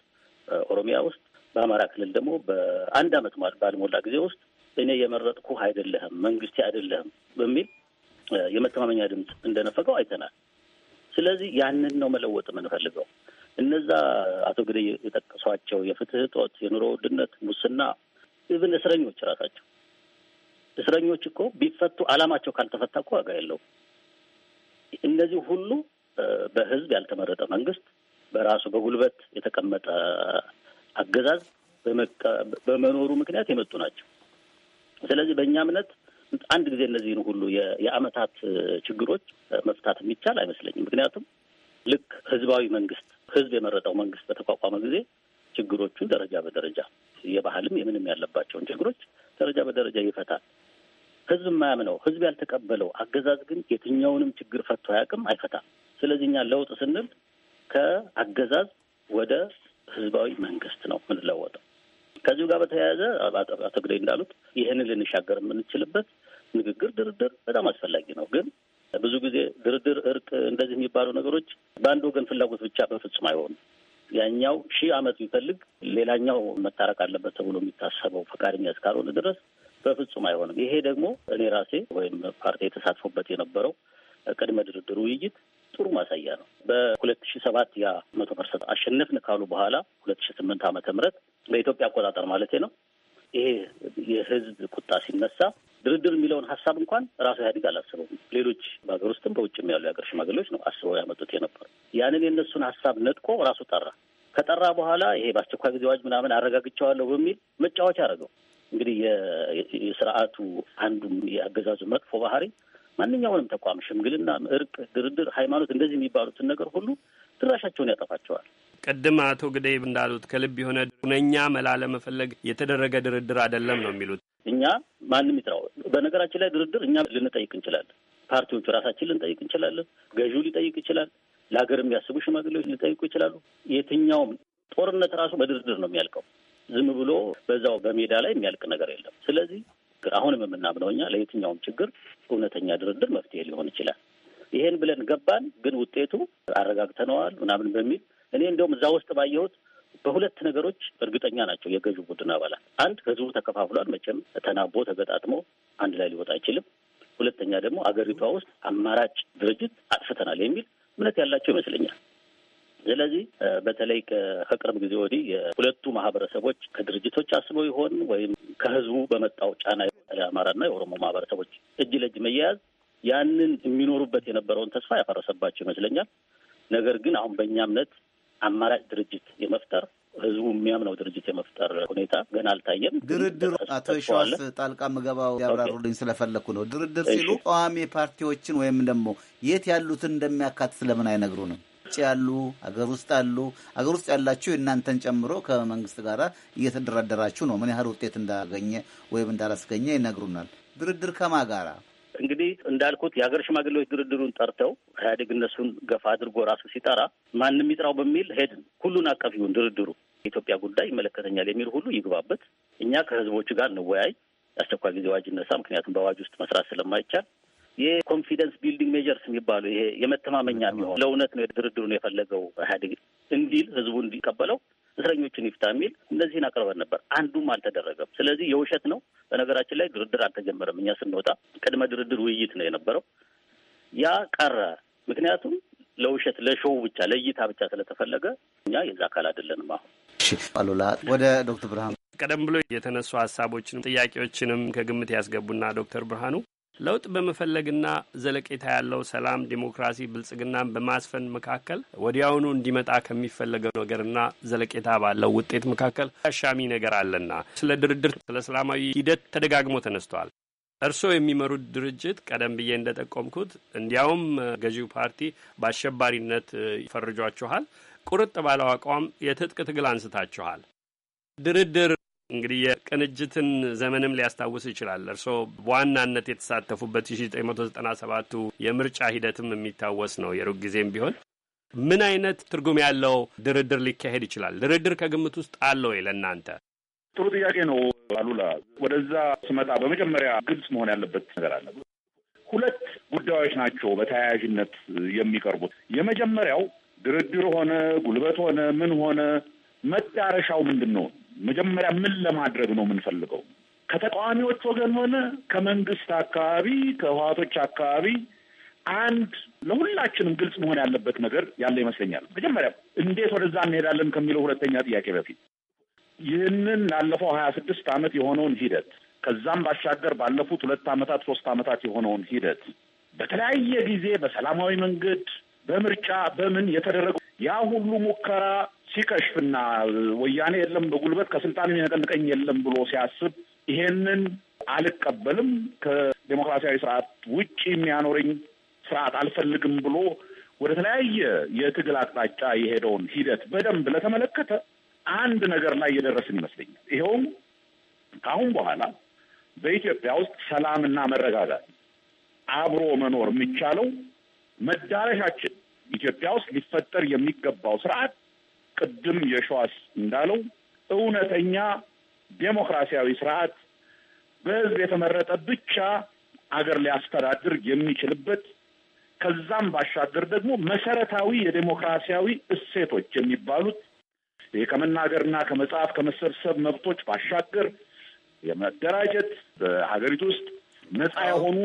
ኦሮሚያ ውስጥ በአማራ ክልል ደግሞ በአንድ አመት ባልሞላ ጊዜ ውስጥ እኔ የመረጥኩህ አይደለህም መንግስቴ አይደለህም በሚል የመተማመኛ ድምፅ እንደነፈገው አይተናል። ስለዚህ ያንን ነው መለወጥ የምንፈልገው። እነዛ አቶ ግደ የጠቀሷቸው የፍትህ እጦት፣ የኑሮ ውድነት፣ ሙስና፣ ኢቭን እስረኞች ራሳቸው እስረኞች እኮ ቢፈቱ አላማቸው ካልተፈታ እኮ ዋጋ የለው። እነዚህ ሁሉ በህዝብ ያልተመረጠ መንግስት፣ በራሱ በጉልበት የተቀመጠ አገዛዝ በመኖሩ ምክንያት የመጡ ናቸው። ስለዚህ በእኛ እምነት አንድ ጊዜ እነዚህን ሁሉ የአመታት ችግሮች መፍታት የሚቻል አይመስለኝም። ምክንያቱም ልክ ህዝባዊ መንግስት ህዝብ የመረጠው መንግስት በተቋቋመ ጊዜ ችግሮቹን ደረጃ በደረጃ የባህልም የምንም ያለባቸውን ችግሮች ደረጃ በደረጃ ይፈታል። ህዝብ የማያምነው ህዝብ ያልተቀበለው አገዛዝ ግን የትኛውንም ችግር ፈቶ አያውቅም፣ አይፈታም። ስለዚህ እኛ ለውጥ ስንል ከአገዛዝ ወደ ህዝባዊ መንግስት ነው የምንለወጠው። ከዚሁ ጋር በተያያዘ አቶ ግደይ እንዳሉት ይህንን ልንሻገር የምንችልበት ንግግር፣ ድርድር በጣም አስፈላጊ ነው። ግን ብዙ ጊዜ ድርድር፣ እርቅ፣ እንደዚህ የሚባሉ ነገሮች በአንድ ወገን ፍላጎት ብቻ በፍጹም አይሆንም ያኛው ሺህ ዓመት ቢፈልግ ሌላኛው መታረቅ አለበት ተብሎ የሚታሰበው ፈቃደኛ እስካልሆነ ድረስ በፍጹም አይሆንም። ይሄ ደግሞ እኔ ራሴ ወይም ፓርቲ የተሳትፎበት የነበረው ቅድመ ድርድር ውይይት ጥሩ ማሳያ ነው። በሁለት ሺ ሰባት ያ መቶ ፐርሰንት አሸነፍን ካሉ በኋላ ሁለት ሺ ስምንት ዓመተ ምህረት በኢትዮጵያ አቆጣጠር ማለት ነው ይሄ የህዝብ ቁጣ ሲነሳ ድርድር የሚለውን ሀሳብ እንኳን ራሱ ኢህአዴግ አላስበውም። ሌሎች በሀገር ውስጥም በውጭም ያሉ የሀገር ሽማግሌዎች ነው አስበው ያመጡት የነበረ። ያንን የእነሱን ሀሳብ ነጥቆ ራሱ ጠራ። ከጠራ በኋላ ይሄ በአስቸኳይ ጊዜ አዋጅ ምናምን አረጋግቸዋለሁ በሚል መጫወቻ አደረገው። እንግዲህ የስርዓቱ አንዱም የአገዛዙ መጥፎ ባህሪ ማንኛውንም ተቋም ሽምግልና፣ እርቅ፣ ድርድር፣ ሃይማኖት እንደዚህ የሚባሉትን ነገር ሁሉ ድራሻቸውን ያጠፋቸዋል። ቅድም አቶ ግደይ እንዳሉት ከልብ የሆነ ሁነኛ መላ ለመፈለግ የተደረገ ድርድር አይደለም ነው የሚሉት። እኛ ማንም ይጥራው። በነገራችን ላይ ድርድር እኛ ልንጠይቅ እንችላለን። ፓርቲዎቹ ራሳችን ልንጠይቅ እንችላለን። ገዢው ሊጠይቅ ይችላል። ለሀገር የሚያስቡ ሽማግሌዎች ሊጠይቁ ይችላሉ። የትኛውም ጦርነት ራሱ በድርድር ነው የሚያልቀው። ዝም ብሎ በዛው በሜዳ ላይ የሚያልቅ ነገር የለም። ስለዚህ አሁንም የምናምነው እኛ ለየትኛውም ችግር እውነተኛ ድርድር መፍትሄ ሊሆን ይችላል። ይሄን ብለን ገባን፣ ግን ውጤቱ አረጋግተነዋል ምናምን በሚል እኔ እንደውም እዛ ውስጥ ባየሁት በሁለት ነገሮች እርግጠኛ ናቸው የገዢው ቡድን አባላት። አንድ ህዝቡ ተከፋፍሏል። መቼም ተናቦ ተገጣጥሞ አንድ ላይ ሊወጣ አይችልም። ሁለተኛ ደግሞ አገሪቷ ውስጥ አማራጭ ድርጅት አጥፍተናል የሚል እምነት ያላቸው ይመስለኛል። ስለዚህ በተለይ ከቅርብ ጊዜ ወዲህ የሁለቱ ማህበረሰቦች ከድርጅቶች አስበው ይሆን ወይም ከህዝቡ በመጣው ጫና የአማራና የኦሮሞ ማህበረሰቦች እጅ ለእጅ መያያዝ ያንን የሚኖሩበት የነበረውን ተስፋ ያፈረሰባቸው ይመስለኛል። ነገር ግን አሁን በእኛ እምነት አማራጭ ድርጅት የመፍጠር ህዝቡ የሚያምነው ድርጅት የመፍጠር ሁኔታ ገና አልታየም። ድርድር አቶ ሸዋስ ጣልቃ ምገባው ያብራሩልኝ ስለፈለግኩ ነው። ድርድር ሲሉ ተቃዋሚ ፓርቲዎችን ወይም ደግሞ የት ያሉትን እንደሚያካትት ስለምን አይነግሩንም? ውጭ ያሉ አገር ውስጥ አሉ። አገር ውስጥ ያላችሁ እናንተን ጨምሮ ከመንግስት ጋር እየተደራደራችሁ ነው። ምን ያህል ውጤት እንዳገኘ ወይም እንዳላስገኘ ይነግሩናል። ድርድር ከማ ጋራ እንግዲህ እንዳልኩት የሀገር ሽማግሌዎች ድርድሩን ጠርተው ኢህአዴግ እነሱን ገፋ አድርጎ ራሱ ሲጠራ ማንም ይጥራው በሚል ሄድን። ሁሉን አቀፍ ይሁን ድርድሩ የኢትዮጵያ ጉዳይ ይመለከተኛል የሚል ሁሉ ይግባበት። እኛ ከህዝቦች ጋር እንወያይ፣ የአስቸኳይ ጊዜ አዋጅ ይነሳ፣ ምክንያቱም በአዋጅ ውስጥ መስራት ስለማይቻል የኮንፊደንስ ቢልዲንግ ሜጀርስ የሚባሉ ይሄ የመተማመኛ የሚሆን ለእውነት ነው ድርድሩን የፈለገው ኢህአዴግ እንዲል ህዝቡ እንዲቀበለው እስረኞችን ይፍታ የሚል እነዚህን አቅርበን ነበር። አንዱም አልተደረገም። ስለዚህ የውሸት ነው። በነገራችን ላይ ድርድር አልተጀመረም። እኛ ስንወጣ ቅድመ ድርድር ውይይት ነው የነበረው። ያ ቀረ። ምክንያቱም ለውሸት ለሾው ብቻ ለእይታ ብቻ ስለተፈለገ እኛ የዛ አካል አይደለንም። አሁን አሉላ ወደ ዶክተር ብርሃኑ ቀደም ብሎ የተነሱ ሀሳቦችንም ጥያቄዎችንም ከግምት ያስገቡና ዶክተር ብርሃኑ ለውጥ በመፈለግና ዘለቄታ ያለው ሰላም፣ ዴሞክራሲ፣ ብልጽግናን በማስፈን መካከል ወዲያውኑ እንዲመጣ ከሚፈለገው ነገርና ዘለቄታ ባለው ውጤት መካከል አሻሚ ነገር አለና ስለ ድርድር፣ ስለ ሰላማዊ ሂደት ተደጋግሞ ተነስቷል። እርስዎ የሚመሩት ድርጅት ቀደም ብዬ እንደጠቆምኩት እንዲያውም ገዢው ፓርቲ በአሸባሪነት ይፈርጇችኋል። ቁርጥ ባለው አቋም የትጥቅ ትግል አንስታችኋል። ድርድር እንግዲህ የቅንጅትን ዘመንም ሊያስታውስ ይችላል። እርስዎ በዋናነት የተሳተፉበት የ ቱ የምርጫ ሂደትም የሚታወስ ነው። የሩቅ ጊዜም ቢሆን ምን አይነት ትርጉም ያለው ድርድር ሊካሄድ ይችላል? ድርድር ከግምት ውስጥ አለው ወይ ለእናንተ? ጥሩ ጥያቄ ነው አሉላ። ወደዛ ስመጣ በመጀመሪያ ግልጽ መሆን ያለበት ነገር አለ። ሁለት ጉዳዮች ናቸው በተያያዥነት የሚቀርቡት። የመጀመሪያው ድርድር ሆነ ጉልበት ሆነ ምን ሆነ መዳረሻው ምንድን ነው? መጀመሪያ ምን ለማድረግ ነው የምንፈልገው? ከተቃዋሚዎች ወገን ሆነ ከመንግስት አካባቢ ከህዋቶች አካባቢ አንድ ለሁላችንም ግልጽ መሆን ያለበት ነገር ያለ ይመስለኛል። መጀመሪያ እንዴት ወደዛ እንሄዳለን ከሚለው ሁለተኛ ጥያቄ በፊት ይህንን ላለፈው ሀያ ስድስት ዓመት የሆነውን ሂደት ከዛም ባሻገር ባለፉት ሁለት ዓመታት ሶስት ዓመታት የሆነውን ሂደት በተለያየ ጊዜ በሰላማዊ መንገድ በምርጫ በምን የተደረገው ያ ሁሉ ሙከራ ሲቀሽፍና ወያኔ የለም በጉልበት ከስልጣን የሚነቀንቀኝ የለም ብሎ ሲያስብ ይሄንን አልቀበልም ከዴሞክራሲያዊ ስርዓት ውጭ የሚያኖረኝ ስርዓት አልፈልግም ብሎ ወደ ተለያየ የትግል አቅጣጫ የሄደውን ሂደት በደንብ ለተመለከተ አንድ ነገር ላይ የደረስን ይመስለኛል። ይኸውም ከአሁን በኋላ በኢትዮጵያ ውስጥ ሰላምና መረጋጋት አብሮ መኖር የሚቻለው መዳረሻችን ኢትዮጵያ ውስጥ ሊፈጠር የሚገባው ስርዓት ቅድም የሸዋስ እንዳለው እውነተኛ ዴሞክራሲያዊ ስርዓት በህዝብ የተመረጠ ብቻ አገር ሊያስተዳድር የሚችልበት ከዛም ባሻገር ደግሞ መሰረታዊ የዴሞክራሲያዊ እሴቶች የሚባሉት ይህ ከመናገርና ከመጻፍ ከመሰብሰብ መብቶች ባሻገር የመደራጀት በሀገሪቱ ውስጥ ነፃ የሆኑ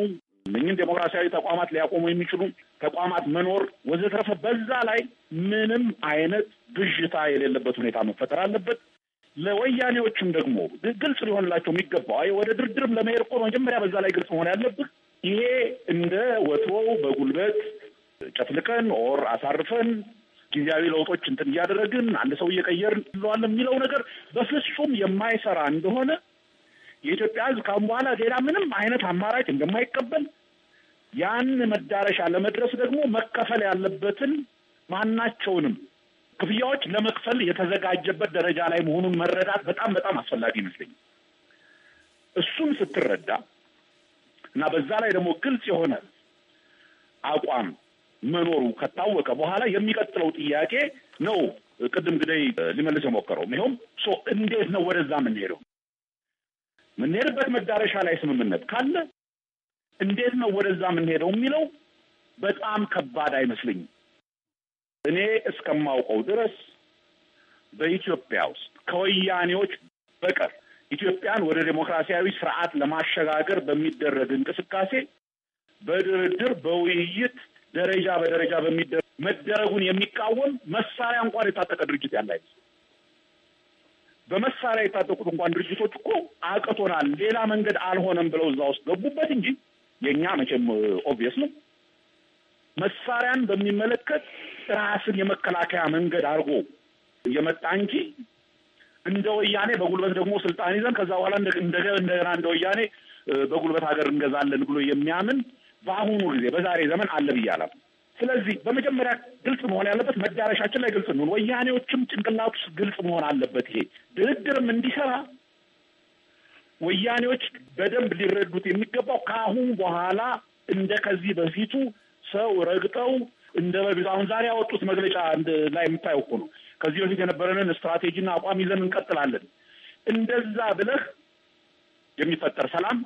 እነኝን ዴሞክራሲያዊ ተቋማት ሊያቆሙ የሚችሉ ተቋማት መኖር ወዘተረፈ። በዛ ላይ ምንም አይነት ብዥታ የሌለበት ሁኔታ መፈጠር አለበት። ለወያኔዎችም ደግሞ ግልጽ ሊሆንላቸው የሚገባው አይ ወደ ድርድርም ለመሄድ እኮ መጀመሪያ በዛ ላይ ግልጽ መሆን ያለብህ ይሄ እንደ ወትሮው በጉልበት ጨፍልቀን ኦር አሳርፈን ጊዜያዊ ለውጦች እንትን እያደረግን አንድ ሰው እየቀየር ለዋለን የሚለው ነገር በፍጹም የማይሰራ እንደሆነ የኢትዮጵያ ሕዝብ ካሁን በኋላ ሌላ ምንም አይነት አማራጭ እንደማይቀበል ያን መዳረሻ ለመድረስ ደግሞ መከፈል ያለበትን ማናቸውንም ክፍያዎች ለመክፈል የተዘጋጀበት ደረጃ ላይ መሆኑን መረዳት በጣም በጣም አስፈላጊ ይመስለኛል። እሱን ስትረዳ እና በዛ ላይ ደግሞ ግልጽ የሆነ አቋም መኖሩ ከታወቀ በኋላ የሚቀጥለው ጥያቄ ነው ቅድም ግደይ ሊመልስ የሞከረውም ይኸውም እንዴት ነው ወደዛ የምንሄደው? የምንሄድበት መዳረሻ ላይ ስምምነት ካለ እንዴት ነው ወደዛ የምንሄደው የሚለው በጣም ከባድ አይመስልኝም። እኔ እስከማውቀው ድረስ በኢትዮጵያ ውስጥ ከወያኔዎች በቀር ኢትዮጵያን ወደ ዴሞክራሲያዊ ስርዓት ለማሸጋገር በሚደረግ እንቅስቃሴ በድርድር በውይይት ደረጃ በደረጃ በሚደረግ መደረጉን የሚቃወም መሳሪያ እንኳን የታጠቀ ድርጅት ያለ አይመስል በመሳሪያ የታጠቁት እንኳን ድርጅቶች እኮ አቅቶናል፣ ሌላ መንገድ አልሆነም ብለው እዛ ውስጥ ገቡበት እንጂ የእኛ መቼም ኦብቪየስ ነው። መሳሪያን በሚመለከት ራስን የመከላከያ መንገድ አድርጎ የመጣ እንጂ እንደ ወያኔ በጉልበት ደግሞ ስልጣን ይዘን ከዛ በኋላ እንደገና እንደ ወያኔ በጉልበት ሀገር እንገዛለን ብሎ የሚያምን በአሁኑ ጊዜ በዛሬ ዘመን አለ ብዬ ስለዚህ በመጀመሪያ ግልጽ መሆን ያለበት መዳረሻችን ላይ ግልጽ እንሆን። ወያኔዎችም ጭንቅላት ውስጥ ግልጽ መሆን አለበት። ይሄ ድርድርም እንዲሰራ ወያኔዎች በደንብ ሊረዱት የሚገባው ከአሁን በኋላ እንደ ከዚህ በፊቱ ሰው ረግጠው እንደ በፊቱ አሁን ዛሬ ያወጡት መግለጫ ላይ የምታየው እኮ ነው። ከዚህ በፊት የነበረንን ስትራቴጂና አቋም ይዘን እንቀጥላለን። እንደዛ ብለህ የሚፈጠር ሰላም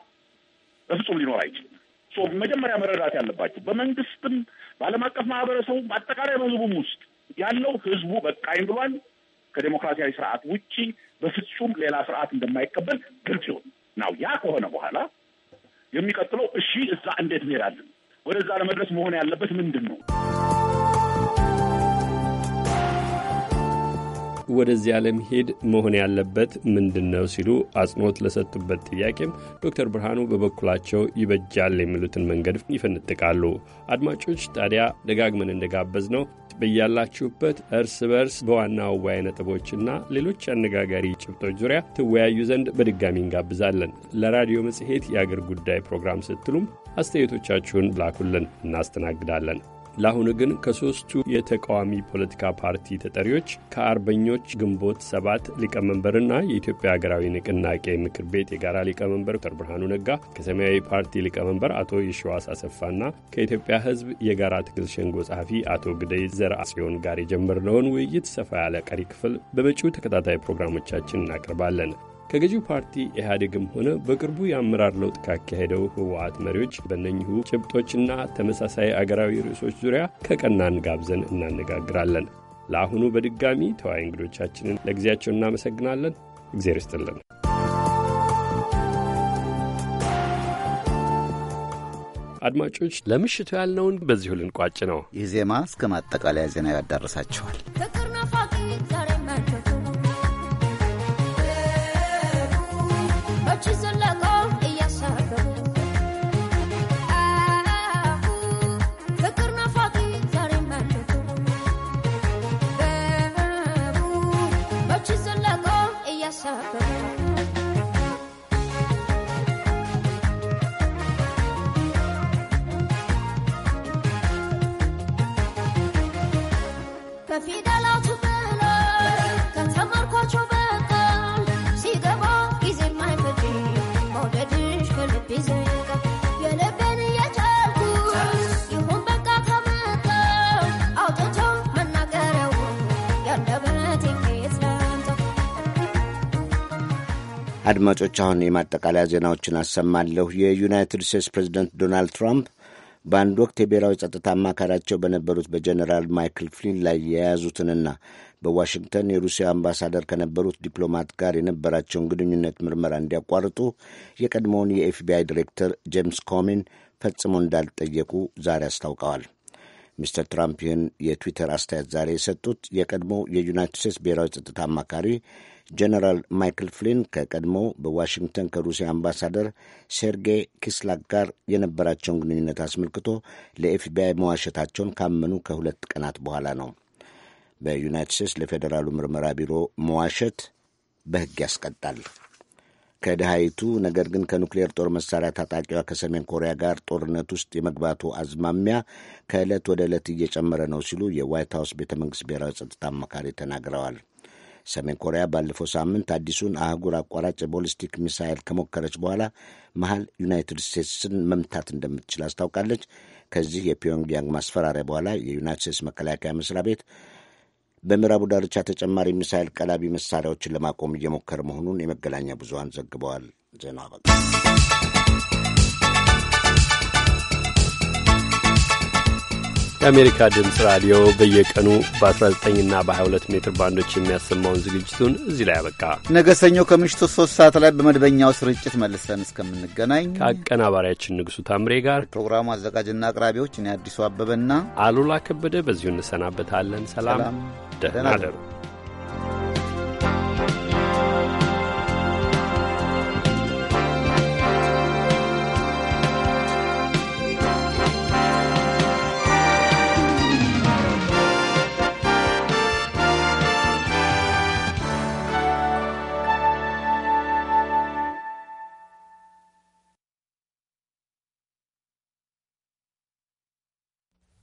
በፍጹም ሊኖር አይችልም። መጀመሪያ መረዳት ያለባቸው በመንግስትም በዓለም አቀፍ ማህበረሰቡ አጠቃላይ በህዝቡም ውስጥ ያለው ህዝቡ በቃኝ ብሏል። ከዴሞክራሲያዊ ስርዓት ውጪ በፍጹም ሌላ ስርዓት እንደማይቀበል ግልጽ ይሆን ነው። ያ ከሆነ በኋላ የሚቀጥለው እሺ፣ እዛ እንዴት እንሄዳለን፣ ወደዛ ለመድረስ መሆን ያለበት ምንድን ነው? ወደዚያ ለመሄድ መሆን ያለበት ምንድን ነው ሲሉ አጽንኦት ለሰጡበት ጥያቄም ዶክተር ብርሃኑ በበኩላቸው ይበጃል የሚሉትን መንገድ ይፈንጥቃሉ። አድማጮች ታዲያ ደጋግመን እንደጋበዝ ነው በያላችሁበት እርስ በርስ በዋና ነጥቦች ነጥቦችና ሌሎች አነጋጋሪ ጭብጦች ዙሪያ ትወያዩ ዘንድ በድጋሚ እንጋብዛለን። ለራዲዮ መጽሔት የአገር ጉዳይ ፕሮግራም ስትሉም አስተያየቶቻችሁን ላኩልን፣ እናስተናግዳለን። ለአሁኑ ግን ከሦስቱ የተቃዋሚ ፖለቲካ ፓርቲ ተጠሪዎች ከአርበኞች ግንቦት ሰባት ሊቀመንበርና የኢትዮጵያ ሀገራዊ ንቅናቄ ምክር ቤት የጋራ ሊቀመንበር ዶክተር ብርሃኑ ነጋ ከሰማያዊ ፓርቲ ሊቀመንበር አቶ የሺዋስ አሰፋና ከኢትዮጵያ ሕዝብ የጋራ ትግል ሸንጎ ጸሐፊ አቶ ግደይ ዘርአጽዮን ጋር የጀመርነውን ውይይት ሰፋ ያለ ቀሪ ክፍል በመጪው ተከታታይ ፕሮግራሞቻችን እናቀርባለን። ከገዢው ፓርቲ ኢህአዴግም ሆነ በቅርቡ የአመራር ለውጥ ካካሄደው ህወሓት መሪዎች በነኚሁ ጭብጦችና ተመሳሳይ አገራዊ ርዕሶች ዙሪያ ከቀናን ጋብዘን እናነጋግራለን። ለአሁኑ በድጋሚ ተወያይ እንግዶቻችንን ለጊዜያቸው እናመሰግናለን። እግዜር ይስጥልን። አድማጮች፣ ለምሽቱ ያልነውን በዚሁ ልንቋጭ ነው። ይህ ዜማ እስከ ማጠቃለያ ዜና ያዳረሳችኋል። አድማጮች፣ አሁን የማጠቃለያ ዜናዎችን አሰማለሁ። የዩናይትድ ስቴትስ ፕሬዚደንት ዶናልድ ትራምፕ በአንድ ወቅት የብሔራዊ ጸጥታ አማካሪያቸው በነበሩት በጀኔራል ማይክል ፍሊን ላይ የያዙትንና በዋሽንግተን የሩሲያ አምባሳደር ከነበሩት ዲፕሎማት ጋር የነበራቸውን ግንኙነት ምርመራ እንዲያቋርጡ የቀድሞውን የኤፍቢአይ ዲሬክተር ጄምስ ኮሚን ፈጽሞ እንዳልጠየቁ ዛሬ አስታውቀዋል። ሚስተር ትራምፕ ይህን የትዊተር አስተያየት ዛሬ የሰጡት የቀድሞው የዩናይትድ ስቴትስ ብሔራዊ ጸጥታ አማካሪ ጀነራል ማይክል ፍሊን ከቀድሞው በዋሽንግተን ከሩሲያ አምባሳደር ሴርጌይ ኪስላክ ጋር የነበራቸውን ግንኙነት አስመልክቶ ለኤፍቢአይ መዋሸታቸውን ካመኑ ከሁለት ቀናት በኋላ ነው። በዩናይትድ ስቴትስ ለፌዴራሉ ምርመራ ቢሮ መዋሸት በሕግ ያስቀጣል። ከድሃይቱ ነገር ግን ከኑክሌር ጦር መሳሪያ ታጣቂዋ ከሰሜን ኮሪያ ጋር ጦርነት ውስጥ የመግባቱ አዝማሚያ ከዕለት ወደ ዕለት እየጨመረ ነው ሲሉ የዋይት ሀውስ ቤተ መንግሥት ብሔራዊ ጸጥታ አማካሪ ተናግረዋል። ሰሜን ኮሪያ ባለፈው ሳምንት አዲሱን አህጉር አቋራጭ የቦሊስቲክ ሚሳይል ከሞከረች በኋላ መሀል ዩናይትድ ስቴትስን መምታት እንደምትችል አስታውቃለች። ከዚህ የፒዮንግያንግ ማስፈራሪያ በኋላ የዩናይት ስቴትስ መከላከያ መስሪያ ቤት በምዕራቡ ዳርቻ ተጨማሪ ሚሳይል ቀላቢ መሳሪያዎችን ለማቆም እየሞከረ መሆኑን የመገናኛ ብዙሀን ዘግበዋል። ዜና አበቃ። የአሜሪካ ድምፅ ራዲዮ በየቀኑ በ19ና በ22 ሜትር ባንዶች የሚያሰማውን ዝግጅቱን እዚህ ላይ ያበቃ። ነገ ሰኞ ከምሽቱ ሶስት ሰዓት ላይ በመድበኛው ስርጭት መልሰን እስከምንገናኝ ከአቀናባሪያችን ንጉሱ ታምሬ ጋር ፕሮግራሙ አዘጋጅና አቅራቢዎች እኔ አዲሱ አበበና አሉላ ከበደ በዚሁ እንሰናበታለን። ሰላም፣ ደህና ደሩ።